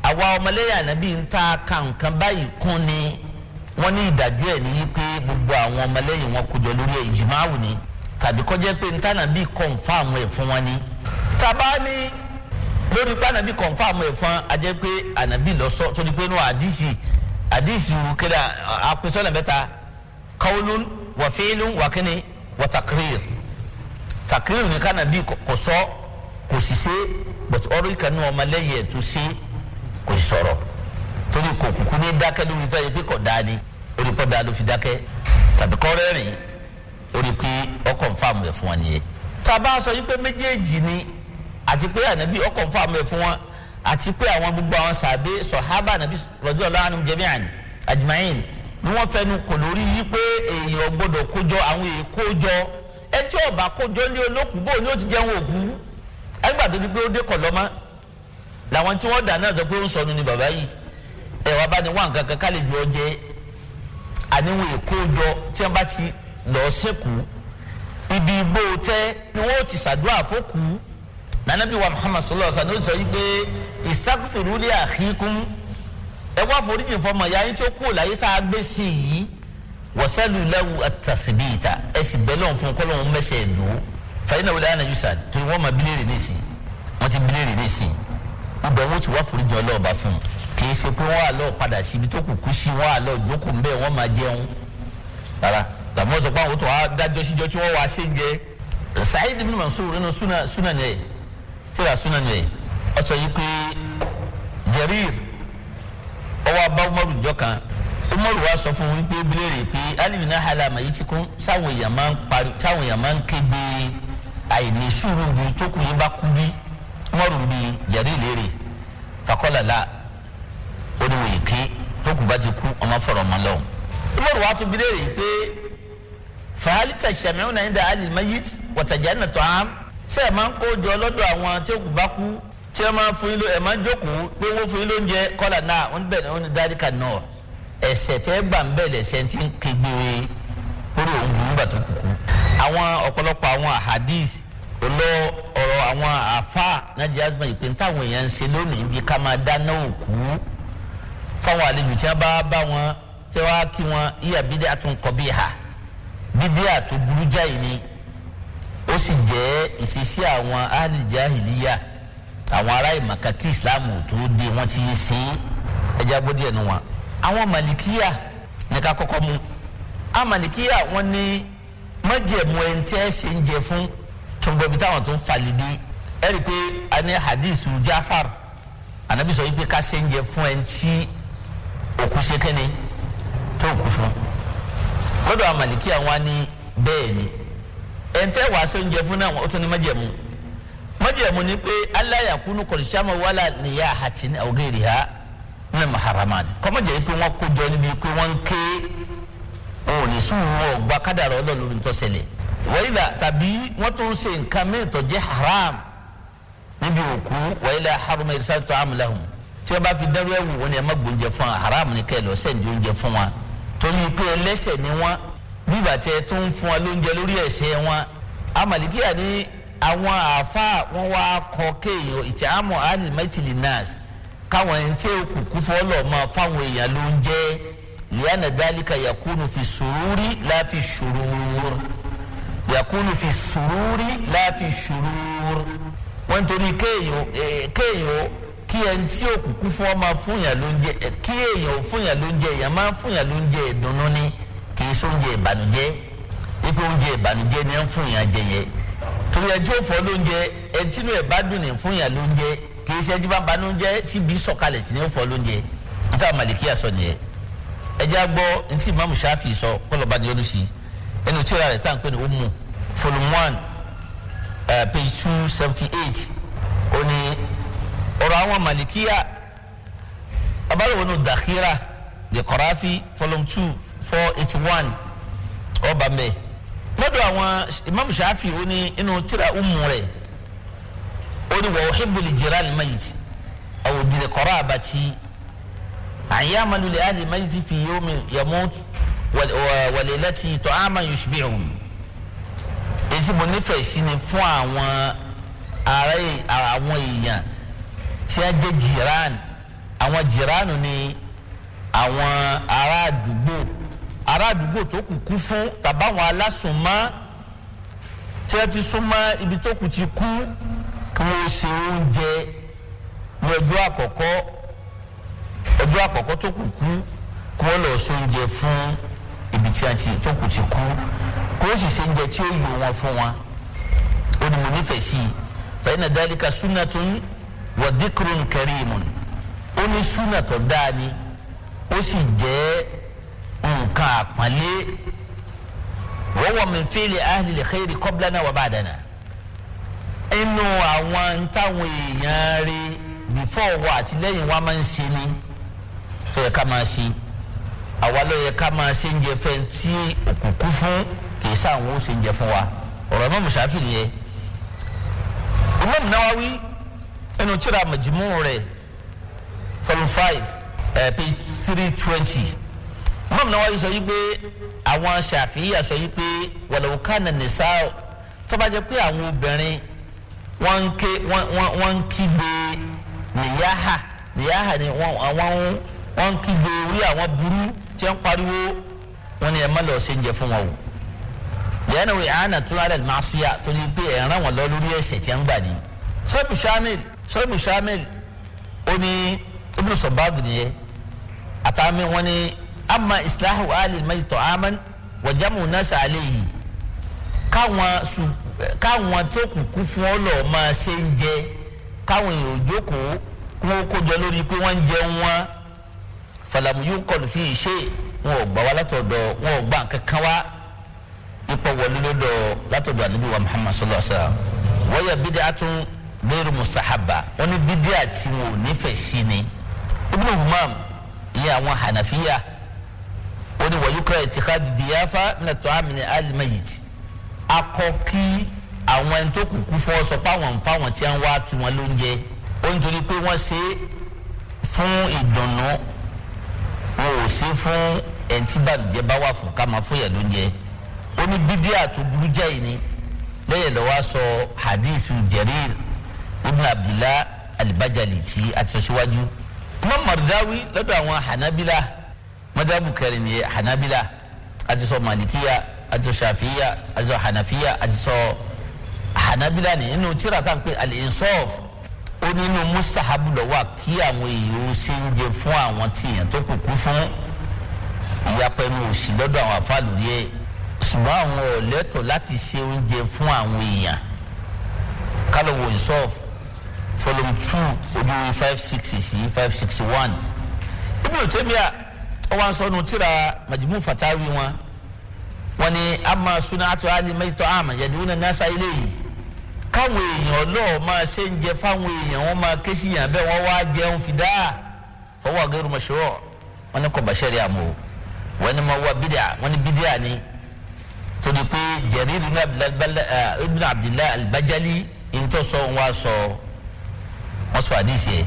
àwa ọmọlẹ́yà nàbí ń ta ka ni wọ́n ní ìdájọ́ ẹ̀ pé gbogbo àwọn ọmọlẹ́yìn wọn lórí ni tàbí kọjá pé ń ta nàbí ẹ̀ fún ni tàbá lórí ẹ̀ fún ajẹ́ pé ànàbí tó ní pé àdìsí àdìsí wa fi'lun wa kini wa takrir takrir ni kana bi kò sọ kò sì ṣe but ọ̀rọ̀ ìkànnì ọmọ lẹ́yìn ẹ̀ tó ṣe kò sì sọ̀rọ̀ torí kò kúkú ní dákẹ́ lórí tó yẹ pé kò dáa ni orí kò dáa ló fi dákẹ́ tàbí kọ́ rẹ́rìn orí pé ọkọ̀ ń fàmù ẹ̀ fún wọn nìyẹn. tábà sọ yìí pé méjèèjì ni àti pé ànábì ọkọ̀ ń fàmù ẹ̀ fún wọn àti pé àwọn gbogbo àwọn sàbẹ̀ sọ̀hábà ànábì rọ̀jọ́ ọlọ́run jẹ́míàn àjùmáyìn ni wọ́n fẹnu kò lórí yìí pé èèyàn gbọ́dọ̀ kójọ àwọn èèyàn kójọ ẹ tí ọba kójọ ní olókùú bò ní ó ti jẹun òkú ẹgbà tó di pé ó dé kọ̀ lọ́mọ làwọn tí wọ́n dà náà sọ pé ó ń sọnù ni bàbá yìí bá ní wọn kankan ká lè ibi igbó nanabi wa ló ẹ wá foríjì fọmọ ya yín tí ó kú láyé tá a gbé sí yìí wọ́sẹ̀lù lẹ́wù àtàfẹ́bìyìtà ẹ sì bẹ́ẹ̀ lọ́hùn fún kọ́lọ́hún mẹ́sẹ̀ ẹ̀ dùn ó fàyínà wọlé ànàyùsà tó wọ́n máa bílẹ̀rì ní ìsìn wọ́n ti bílẹ̀rì ní ìsìn ibẹ̀ wọ́n ti wá foríjì ọlọ́ọ̀bá fún kì í ṣe pé wọ́n àlọ́ padà síbi tó kù kú sí wọ́n àlọ́ jókòó ń wọ́n máa jẹun rárá làmọ́ sọ pé àwọn tó wá dájọ́ ọwọ́ abá umaru jọ kan umaru wa sọ fún wípé bílẹ̀rì pé alimi náà hàlà àmàyí ti kún sáwọn èèyàn máa ń parí sáwọn èèyàn máa ń kébé àìní sùúrù bí tó kù yín bá kú bí umaru bí jẹ̀rí ìlérè fakọ́làlà oníwòye ké tó kù bá ti kú ọmọ fọ̀rọ̀ ọmọ lọ́wọ́ umaru wa tún bílẹ̀rì pé fàálì tàṣàmẹ́wò náà ń da alimi yìí wọ̀tàjà ẹ̀ nà tó àm sẹ́ẹ̀ máa ń kó jọ lọ́dọ̀ àwọn tí kù bá kú tí wọ́n máa fún yín ló ẹ̀ máa jókòó pé wọ́n fún yín ló ń jẹ kọ́là náà wọ́n bẹ̀ wọ́n dárí kan náà ẹ̀sẹ̀ tẹ́ gbà ń bẹ̀ lẹ̀sẹ̀ ti ń kegbe orí àwọn ọ̀pọ̀lọpọ̀ àwọn ahadis olọ ọrọ àwọn afa nàjẹ́ asma ìpè ní táwọn èèyàn ń lónìí bí ká máa dáná òkú fáwọn àlejò tí bá bá wọn tí àwọn ará ìmọ̀ká kí islam tó dé wọ́n ti ṣe é ẹja bó díẹ̀ nu wọn. àwọn màlìkíyà ní ká kọ́kọ́ mu A màlìkíyà wọn ní mọ́jẹ̀mú ẹni tí ẹ ṣe ń jẹ fún tùǹbọ̀bí táwọn tó ń falidé ẹ rí i pé a ní hadith jafar anabi sọ yìí pé ká ṣe ń jẹ fún ẹni tí òkú ṣe kẹ́ni tó kú fún lọ́dọ̀ àwọn màlìkíyà wọn ní bẹ́ẹ̀ ni ẹni tẹ́ wàá ṣe ń jẹ fún náà ó tún ní mọ́jẹ̀mú mọ́jẹ̀mú ni pé aláyàkúnú kọ̀lìṣàmù wàhálà nìyá àti ọ̀gẹ́rì ha ní maharamad kọ́mọ̀jẹ̀ yìí pé wọ́n kó jọ níbi pé wọ́n ń ké òun ní sùúrù ọgbà kádàrá ọlọ́lórí tó ṣẹlẹ̀ wàhálà tàbí wọ́n tún ṣe nǹkan mìíràn tó jẹ́ haram níbi òkú wàhálà haruma irisa tó amúláhùn tí wọ́n bá fi dẹ́rù ẹ̀wù wọn ni ẹ fún wa haram ni kẹ́ ẹ lọ sẹ́ǹdì oúnjẹ fún wa torí pé ẹlẹ́sẹ̀ ni wọ́n bíbà tẹ tó ń fún wa lóúnjẹ lórí ẹ̀ṣẹ̀ wọn amàlìkíyà ní àwọn àáfàá wọn wá kọ kéèyàn ìtì àmọ́ alimẹtìlì nas káwọn ẹni tí kùkú fọlọ máa fáwọn èèyàn ló ń jẹ liana dalika yakunu fi sururi láfi surur yakunu fi sururi láfi surur wọn torí kéèyàn kéèyàn kí ẹni tí òkùnkùn fún ọ máa fún yàn ló ń jẹ kí èèyàn ò fún yàn ló ń jẹ èèyàn máa fún yàn ló ń jẹ ìdùnnú ni kì í sóúnjẹ ìbànújẹ́ wípé oúnjẹ ìbànújẹ́ ni ẹ ń fún yàn jẹ yẹn torí ẹjọ́ òfò lóúnjẹ ẹtí ló ẹ̀ bá dùn ní fún yàn lóúnjẹ kì í ṣe ẹjí bá ba lóúnjẹ tí bí sọ̀kalẹ̀ sí ní òfò lóúnjẹ níta màlìkí àsọ nìyẹn ẹjẹ́ àgbọ̀ ntí ìmáàmù Ṣáfì sọ kọlọ́ba ni olùsí ẹnu tí ra rẹ̀ tá à ń pè ní umu volume one uh, page two seventy eight ó ní ọ̀rọ̀ àwọn màlìkíyà abáwọ̀ ní dàkírà ní Qarafi volume two four eighty one ọba mẹ́ẹ̀ kọ́dọ̀ àwọn imam shafi ó ní inú tírà umu rẹ̀ ó ní wọ́n hibbul jiran mayit aw dil qarabati ayyamalu li ahli mayit fi yawmin yamut wa laylati ta'aman yushbi'uhum èyí tí mo nífẹ̀ẹ́ sí ni fún àwọn ará àwọn èèyàn tí a jẹ́ jiran àwọn jiran ni àwọn ará àdúgbò ará àdúgbò tó kù kú fún tàbáwọn alásùnmọ́ tí wọ́n ti súnmọ́ ibi tó kù ti kú kí wọ́n ṣe oúnjẹ ní ọjọ́ àkọ́kọ́ ọjọ́ àkọ́kọ́ tó kù kú kí wọ́n lọ sóúnjẹ fún ibi tí wọ́n ti tó kù ti kú kí wọ́n sì ṣe oúnjẹ tí ó yọ wọn fún wọn ó ní mo nífẹ̀ẹ́ sí i fẹ́ẹ́nà dálíkà sunnatun wa dhikrun karimun ó ní súnà dáa ni ó sì jẹ́ nǹkan àpọ́nlé wọ́n wọ̀ mí fílẹ̀ ahlil khairi qablana wa ba'dana inú àwọn táwọn èèyàn rí before wa àti lẹ́yìn wa máa ń ṣe ni tó yẹ ká máa ṣe àwa ló yẹ ká máa ṣe ń jẹ fẹ́ tí òkùnkùn fún kì í sáwọn ó ṣe wa ọ̀rọ̀ mọ́ mùsàáfì nìyẹn Imam Nawawi ẹnu tíra Majmu' rẹ̀ volume five eh, page three twenty imam náà wáyé sọ yìí pé àwọn ṣàfihàn sọ yìí pé wàlúù kánà nìsá tó bá jẹ́ pé àwọn obìnrin wọ́n ń kígbe nìyáhà nìyáhà ni àwọn wọ́n ń kígbe orí àwọn burú tí wọ́n pariwo wọ́n ní ẹ má lọ ṣe ń jẹ fún wọn o yẹn náà ìhànà tó rárẹ̀ máa ṣúyà tó ní pé ẹ̀ ràn wọ́n lọ lórí ẹ̀ṣẹ̀ tí ń gbà ní. sọ́ọ̀bù shamil sọ́ọ̀bù shamil ó ní ibùdó sọ̀báàgù nìyẹn àtàmì wọn ní ama islahu ali mayi tọ́ aman wọ́jàmù nasa alẹ́ yìí káwọn su káwọn tó kù kú fún ọ lọ máa ṣe ń jẹ káwọn èèyàn jókòó kí wọ́n kó jọ lórí pé wọ́n ń jẹ wọn falamuyu kọlu fi ṣe wọn ò gbà wá látọ̀dọ̀ wọn ò gbà kankan wá ipò wọlé lọ́dọ̀ látọ̀dọ̀ ànábì wa muhammad sallallahu alaihi wa sallam wọ́n yà bídẹ́ atún lórí mustahaba wọn ni bídẹ́ àti wọn ò nífẹ̀ẹ́ sí ni ibùdó humam ìyẹn àwọn hànàfíyà ó ní wọ̀nyúkọ́ ẹ̀ ti ká dìyàfà nàtọ́ àmì àlìmẹ́yìtì akọ kí àwọn ẹni tó kù kú fọ́ sọ pé àwọn nfa wọn tí wọn wá tu wọn lóúnjẹ ó ń torí pé wọ́n ṣe fún ìdùnnú wọn ò ṣe fún ẹni tí bàjẹ́ bá wà fún ká máa fún yẹn lóúnjẹ ó ní bídíà tó burú jáì ni lẹ́yìn lọ́wọ́ sọ hadith Jarir ibn Abdullah al-Bajali tí a ti sọ síwájú Imam Mardawi lọ́dọ̀ àwọn Hanabila mọ́dàbù kẹrin ni hanabila àti sọ malikiya àti sọ shafiya àti sọ hanafiya àti sọ hanabila ni inú tíra tá à ń pè al-insaf ó ní inú mustahabu lọ́wọ́ kí àwọn èèyàn ó ṣe ń jẹ fún àwọn tíyàn tó kù kú fún ìyapẹ́ nu òsì lọ́dọ̀ àwọn afáàlù rí ẹ ṣùgbọ́n àwọn ò láti ṣe oúnjẹ fún àwọn èèyàn kálọ̀wò insaf volume two ojú five sixty sí five sixty one ibùdó tẹ́mi à ɔwɔ nsɔ no tira majumu fatawi wa wɔne ama suna ato ali mɛtɔ ama yɛde wɔn nasa ile yi káwọn èèyàn lọ́ọ̀ máa ṣe ń jẹ fáwọn èèyàn wọn máa ké sí yàn bẹ́ẹ̀ wọ́n wá jẹun fìdá fọwọ́ agẹ́rù mọ̀ṣọ́ wọn ni kò bàṣẹ́rì àmọ́ wọn ni mo wá bídíà wọn ni bídíà ni tó di pé jẹ̀rí ibn abdullahi albajali ntọ́ sọ wọn wá wọn sọ àdìsí ẹ̀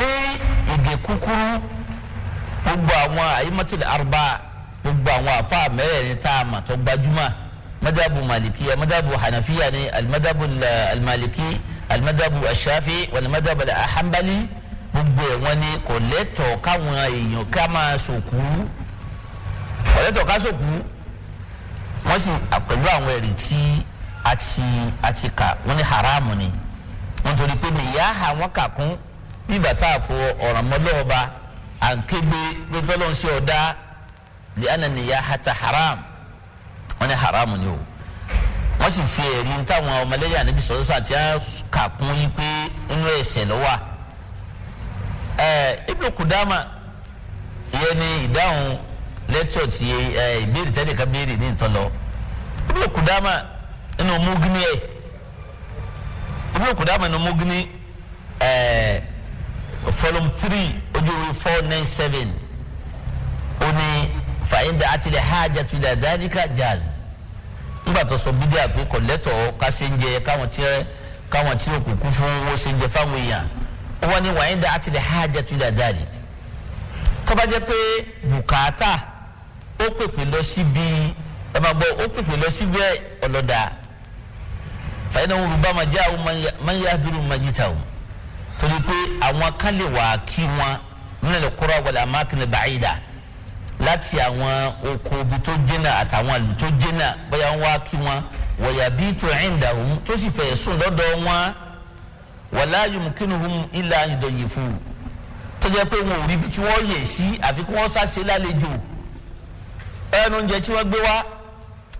ní ìgè kúkúrú gbogbo àwọn àyèmọ́tìlẹ̀ arba gbogbo àwọn àfa mẹ́rẹ̀ẹ̀rin tá a mà tó gbajúmọ̀ madabu malikiya madabu hanafiya ni alimadabu alimaliki alimadabu ashafi walimadabu alhambali gbogbo ẹ̀ wọ́n kò lẹ́tọ̀ káwọn èèyàn ká máa sòkú kò lẹ́tọ̀ ká sòkú wọ́n sì pẹ̀lú àwọn ẹ̀rí tí a ti kà wọ́n ní haramu ni wọ́n torí pé nìyá àwọn kà kún bí bàtà àfọ ọ̀ràn mọ́lọ́ọ̀ba àǹkégbé gbẹdọ́lọ́ ṣe ọ̀dá lẹ́yìn nìyá hata haram wọ́n ní haram ni o wọ́n sì fi ẹ̀rí táwọn ọmọlẹ́yìn ànábì sọ̀rọ̀ sàtì á kà kún yín pé inú ẹ̀ṣẹ̀ ló wà ẹ̀ Ibn Kudama ìyẹn ni ìdáhùn lẹ́tọ̀ tí ìbéèrè tẹ́lẹ̀ká béèrè ní ìtọ́lọ́ Ibn Kudama inú mugni ẹ̀ Ibn Kudama inú mugni ẹ̀ volume three ojúwe four nine seven ó ní fàyíǹda àtìlẹ̀ hajj àtìlẹ̀ dáríkà jazz nígbà tó sọ bídí àpé kọ̀lẹ́tọ̀ kásẹ̀ǹjẹ káwọn tí káwọn tí òkùnkùn fún owó sẹ̀ǹjẹ fáwọn èèyàn ó wọ́n ní wàyíǹda àtìlẹ̀ hajj àtìlẹ̀ dárí tó bá jẹ́ pé bùkátà ó pèpè lọ síbi ẹ máa gbọ́ ó pèpè lọ síbi ọlọ́dà fàyíǹda òun rúbá máa jẹ́ àwọn máa máa yí ta òun torí pé àwọn kan lè wà kí wọn nínú ìlẹ̀kúrọ̀ wọlé amákìlẹ̀ báyìí láti àwọn oko ibi tó jẹ́nà àtàwọn àlù tó jẹ́nà bóyá wọn wá kí wọn wọ̀yà bíi tó ẹ̀ǹdà òun tó sì fẹ̀yẹ̀ sùn lọ́dọ̀ wọn wọ̀lá yomukinu hum ilà ayọ̀dọ̀yẹ̀ fún un tó jẹ́ pé wọn ò rí ibi tí wọ́n yẹ̀ sí àfi kí wọ́n sáṣe lálejò ẹnu oúnjẹ tí wọ́n gbé wá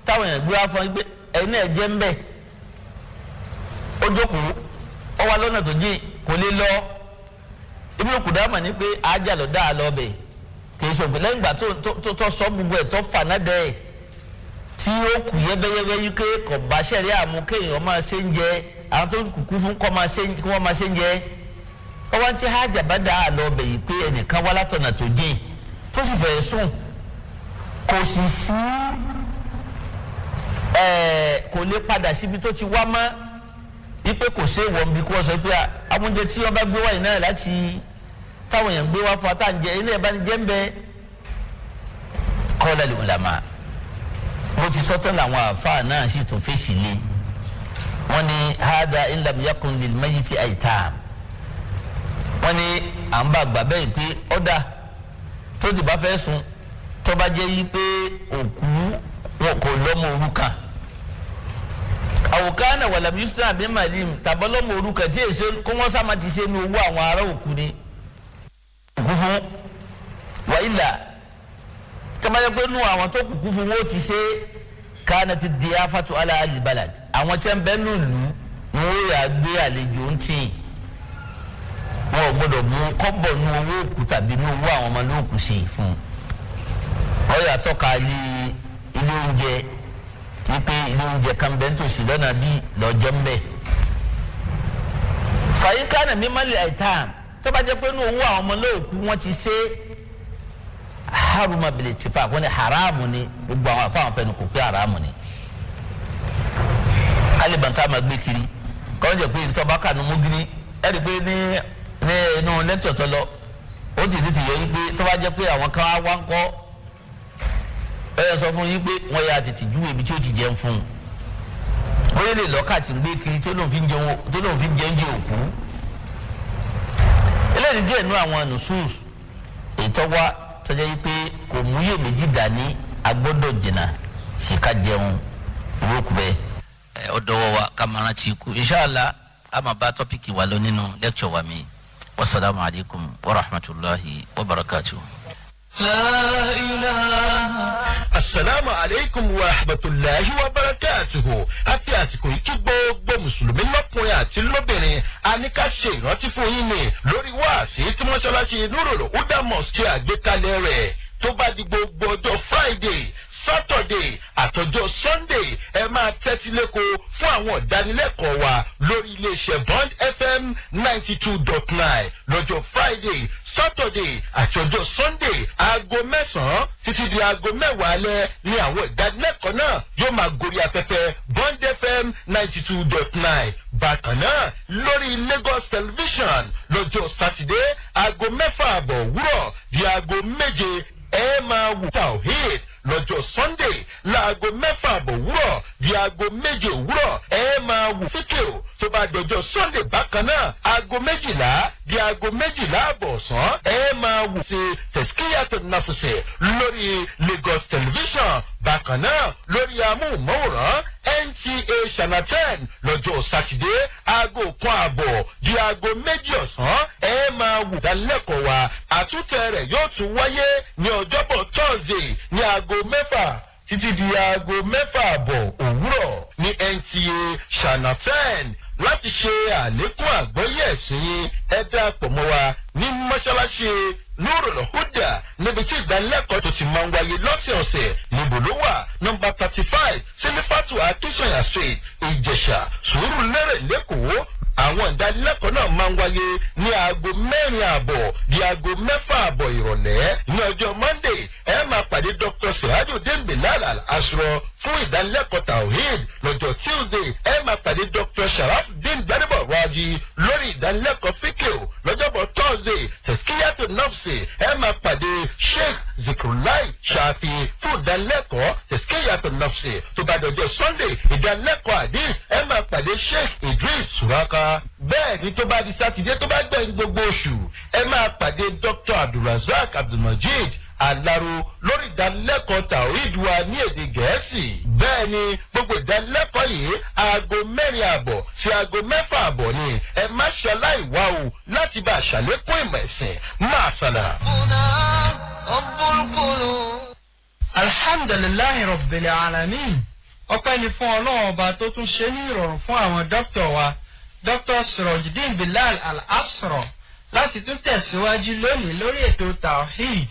táwọn èèyàn gbé wá fún ẹgbẹ́ ẹ̀yin jẹ́ ń bẹ̀ ó jókòó ó wá lọ́nà tó jìn kò lè lọ Ibn Qudama ní pé ajá ló dá a lọ bẹ̀ kì í sọ̀gbìn lẹ́yìn ìgbà tó tó sọ gbogbo ẹ̀ tó fà náà dẹ́ ẹ̀ tí ó kù yẹ́bẹ́yẹ́bẹ́ yí pé kò bá sẹ́rí àmú kéèyàn máa ṣe ń jẹ àwọn tó kúkú fún kọ́ wọ́n ṣe ń jẹ ọwọ́ tí hajj bá dá lọ bẹ̀ yìí pé ẹnìkan wá látọ̀nà tó jìn tó sì fẹ́ sùn kò sì sí kò lè padà síbi tó ti wá mọ́ ipe kò ṣe é wọ̀ mí kó wọ́n sọ pé ah, amúnjẹ tí wọ́n bá gbé wáyé náà láti táwọn èèyàn gbé wá fún atáǹjẹ ilé ẹ̀ bá ní jẹ́ ń bẹ kọ́lá lè wùlà máa mo ti sọ tán làwọn àáfàá náà sì tún fèsì lé wọ́n ní hada ilam yakun lil mayiti aitam wọ́n ní à ń bá àgbà bẹ́ẹ̀ pé ọ̀dà tó ti bá fẹ́ sùn tó bá jẹ́ yí pé òkú kò lọ́mọ òrukàn àwòkánà wàlàbí yusuf abin malim tàbọ́lọ́mọ orúkọ tí èso kó wọ́n sá máa ti ṣe ní owó àwọn ará òkú ni kú fún wàhílà tẹ́bàjẹ́ pé nù àwọn tó kú fún wọn ó ti ṣe kánà ti di afatu ala alibalad àwọn tí wọ́n e bẹ́ nù lù ní wọ́n yà gbé àlejò ń tì wọn ò gbọ́dọ̀ mú kọ́bọ̀ nù owó òkú tàbí nù owó àwọn ọmọ lóòkù ṣe fún wọn yà tọ́ka ní ilé oúnjẹ wípé ilé oúnjẹ kan bẹ́ẹ̀ nítòsí lọ́nà bí lọ́jọ́ ń bẹ̀. fàyíká nà mímọ́ lè àìtá tó bá jẹ́ ti haruma haramu ni gbogbo àwọn afáwọn fẹ́ ni haramu ni. alibanta máa gbe kiri kọ́ńtà jẹ́ pé ntọ́ba mugiri ti ti ẹ yẹ sọ fún yín pé wọ́n yà tètè júwe ibi tí ó ti jẹun fún un ó lè lè lọ́kàtì ń gbé kiri tó lòun fi ń jẹun tó lòun fi ń jẹun di òkú eléyìí díẹ̀ nú àwọn nusus ìtọ́wá tọ́jà yìí pé kò múyè méjì dání agbọ́dọ̀ jìnnà síka jẹun ìwókù ẹ ọ dọwọ wa ká máa rántí ikú inṣàlá a máa bá tọ́pìkì wa lọ nínú lẹ́kṣọ̀ wa mi wasalaamualeykum wa rahmatulahi wa barakatuh. لا Assalamu alaikum wa rahmatulahi wa barakatuhu. A fi àsìkò yìí kí gbogbo Mùsùlùmí lọ́kùnrin àti lóbìnrin a ní ká ṣe ìrántí fún yín ni lórí wáàsí tí mọ́ṣáláṣí Nurul Huda Mosque àgbékalẹ̀ rẹ̀ tó bá di gbogbo ọjọ́ Friday Saturday, àtọjọ́ sunday ẹ máa tẹ́tí lẹ́kọ fún àwọn ìdánilẹ́kọ̀ọ́ wa lórí iléeṣẹ́ bond fm ninety two dot nine lọ́jọ́ friday Saturday, àtọjọ́ sunday aago mẹ́sàn-án títí di aago mẹ́wàá alẹ́ ni àwọn ìdánilẹ́kọ̀ọ́ náà yóò máa gorí afẹ́fẹ́ bond fm ninety two dot nine bákan náà lórí lagos television lọ́jọ́ Saturday, aago mẹ́fà àbọ̀ òwúrọ̀ di aago méje ẹ máa wù tàwíìd lọ́jọ́ sunday láago mẹ́fà àbọ̀ wúrọ̀ di aago méje òwúrọ̀ ẹ máa wù sókè o tó bá dọjọ́ sunday bákan náà aago méjìlá di aago méjìlá àbọ̀ ọ̀sán ẹ máa wù sí tẹ̀síkíyàtọ̀ nàfẹ̀sẹ̀ lórí lagos television bákan náà lórí amóhùnmáwòrán NCA ṣànà ten lọ́jọ́ sátidé aago kan àbọ̀ di aago méjì ọ̀sán ẹ máa wù dálẹ́kọ̀ọ́ wa àtúntẹ̀ rẹ̀ yóò tún wáyé ní ọjọ́bọ̀ thursday ní aago mẹ́fà títí di aago mẹ́fà àbọ̀ òwúrọ̀ ní nta ṣànà ten láti ṣe àlékún àgbọ́yé ẹ̀sìn ẹ dáàpọ̀ mọ́ wa ní mọ́ṣáláṣí lóòrùn húdà níbi tí ìdánilẹ́kọ̀ọ́ tó ti máa ń wáyé lọ́sẹ̀ọ̀sẹ̀ níbo ló wà nọmba thirty five sílífàtù akínsọ̀yà street ìjẹ̀ṣà sùúrù lẹ́rẹ̀ lẹ́kọ̀ọ́ àwọn ìdánilẹ́kọ̀ọ́ náà máa ń wáyé ní aago mẹ́rin ààbọ̀ di aago mẹ́fà ààbọ̀ ìrọ̀lẹ́ ní ọjọ́ monday ẹ máa pàdé dr sirajudeen bilal al-asro fún ìdánilẹ́kọ̀ọ́ tawhid lọ́jọ́ tuesday ẹ máa pàdé dr sharafdeen gbadebo raji lórí ìdánilẹ́kọ̀ọ́ fíkẹ́ july ṣàfi fún ìdánilẹ́kọ̀ọ́ tẹ̀síkẹ́yàtọ̀ nafsi tó bá dọ̀jọ́ sunday ìdánilẹ́kọ̀ọ́ àdín ẹ máa pàdé sheikh idris suraka bẹ́ẹ̀ ni tó bá di sátidé tó bá gbẹ̀yìn gbogbo oṣù ẹ máa pàdé dr abdulrasaq abdulmajid alaro lórí ìdánilẹ́kọ̀ọ́ tàwíìdì wa ní èdè gẹ̀ẹ́sì. bẹ́ẹ̀ ni gbogbo ìdánilẹ́kọ̀ọ́ yìí aago mẹ́rin àbọ̀ sí aago mẹ́fà àbọ̀ ni ẹ má ṣe aláìwá o láti bá àṣàlékún ìmọ̀ ẹ̀sìn máa sànà. alhamdulilayi rabbil alamin ọpẹ́ ni fún ọlọ́run ọba tó tún ṣe ní ìrọ̀rùn fún àwọn dókítà wa dókítà sirojidin bilal al-asro láti tún tẹ̀síwájú lónìí lórí ètò tawhid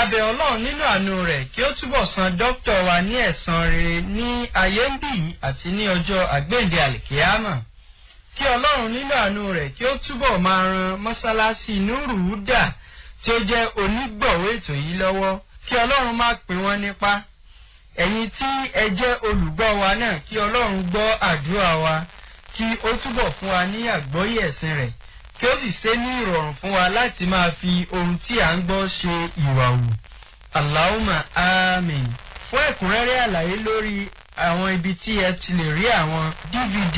abẹ ọlọ́run nínú àánú rẹ̀ kí ó túbọ̀ san dókítà wa ní ẹ̀san rere ní ayé ń bì àti ní ọjọ́ àgbéǹde àlìkíyàmà kí ọlọ́run nínú àánú rẹ̀ kí ó túbọ̀ máa ran mọ́ṣáláṣí núrù dà tí ó jẹ́ onígbọ̀wọ́ ètò yìí lọ́wọ́ kí ọlọ́run má pín wọ́n nípa ẹ̀yin tí ẹ jẹ́ olùgbọ́ wa náà kí ọlọ́run gbọ́ àdúrà wa kí ó túbọ̀ fún wa ní àgbọ́yé ẹ̀sìn rẹ̀ kí ó sì ṣe ní ìrọ̀rùn fún wa láti máa fi ohun tí à ń gbọ́ ṣe ìwà wù Allahumma amen fún ẹ̀kúnrẹ́rẹ́ àlàyé lórí àwọn ibi tí ẹ ti lè rí àwọn DVD.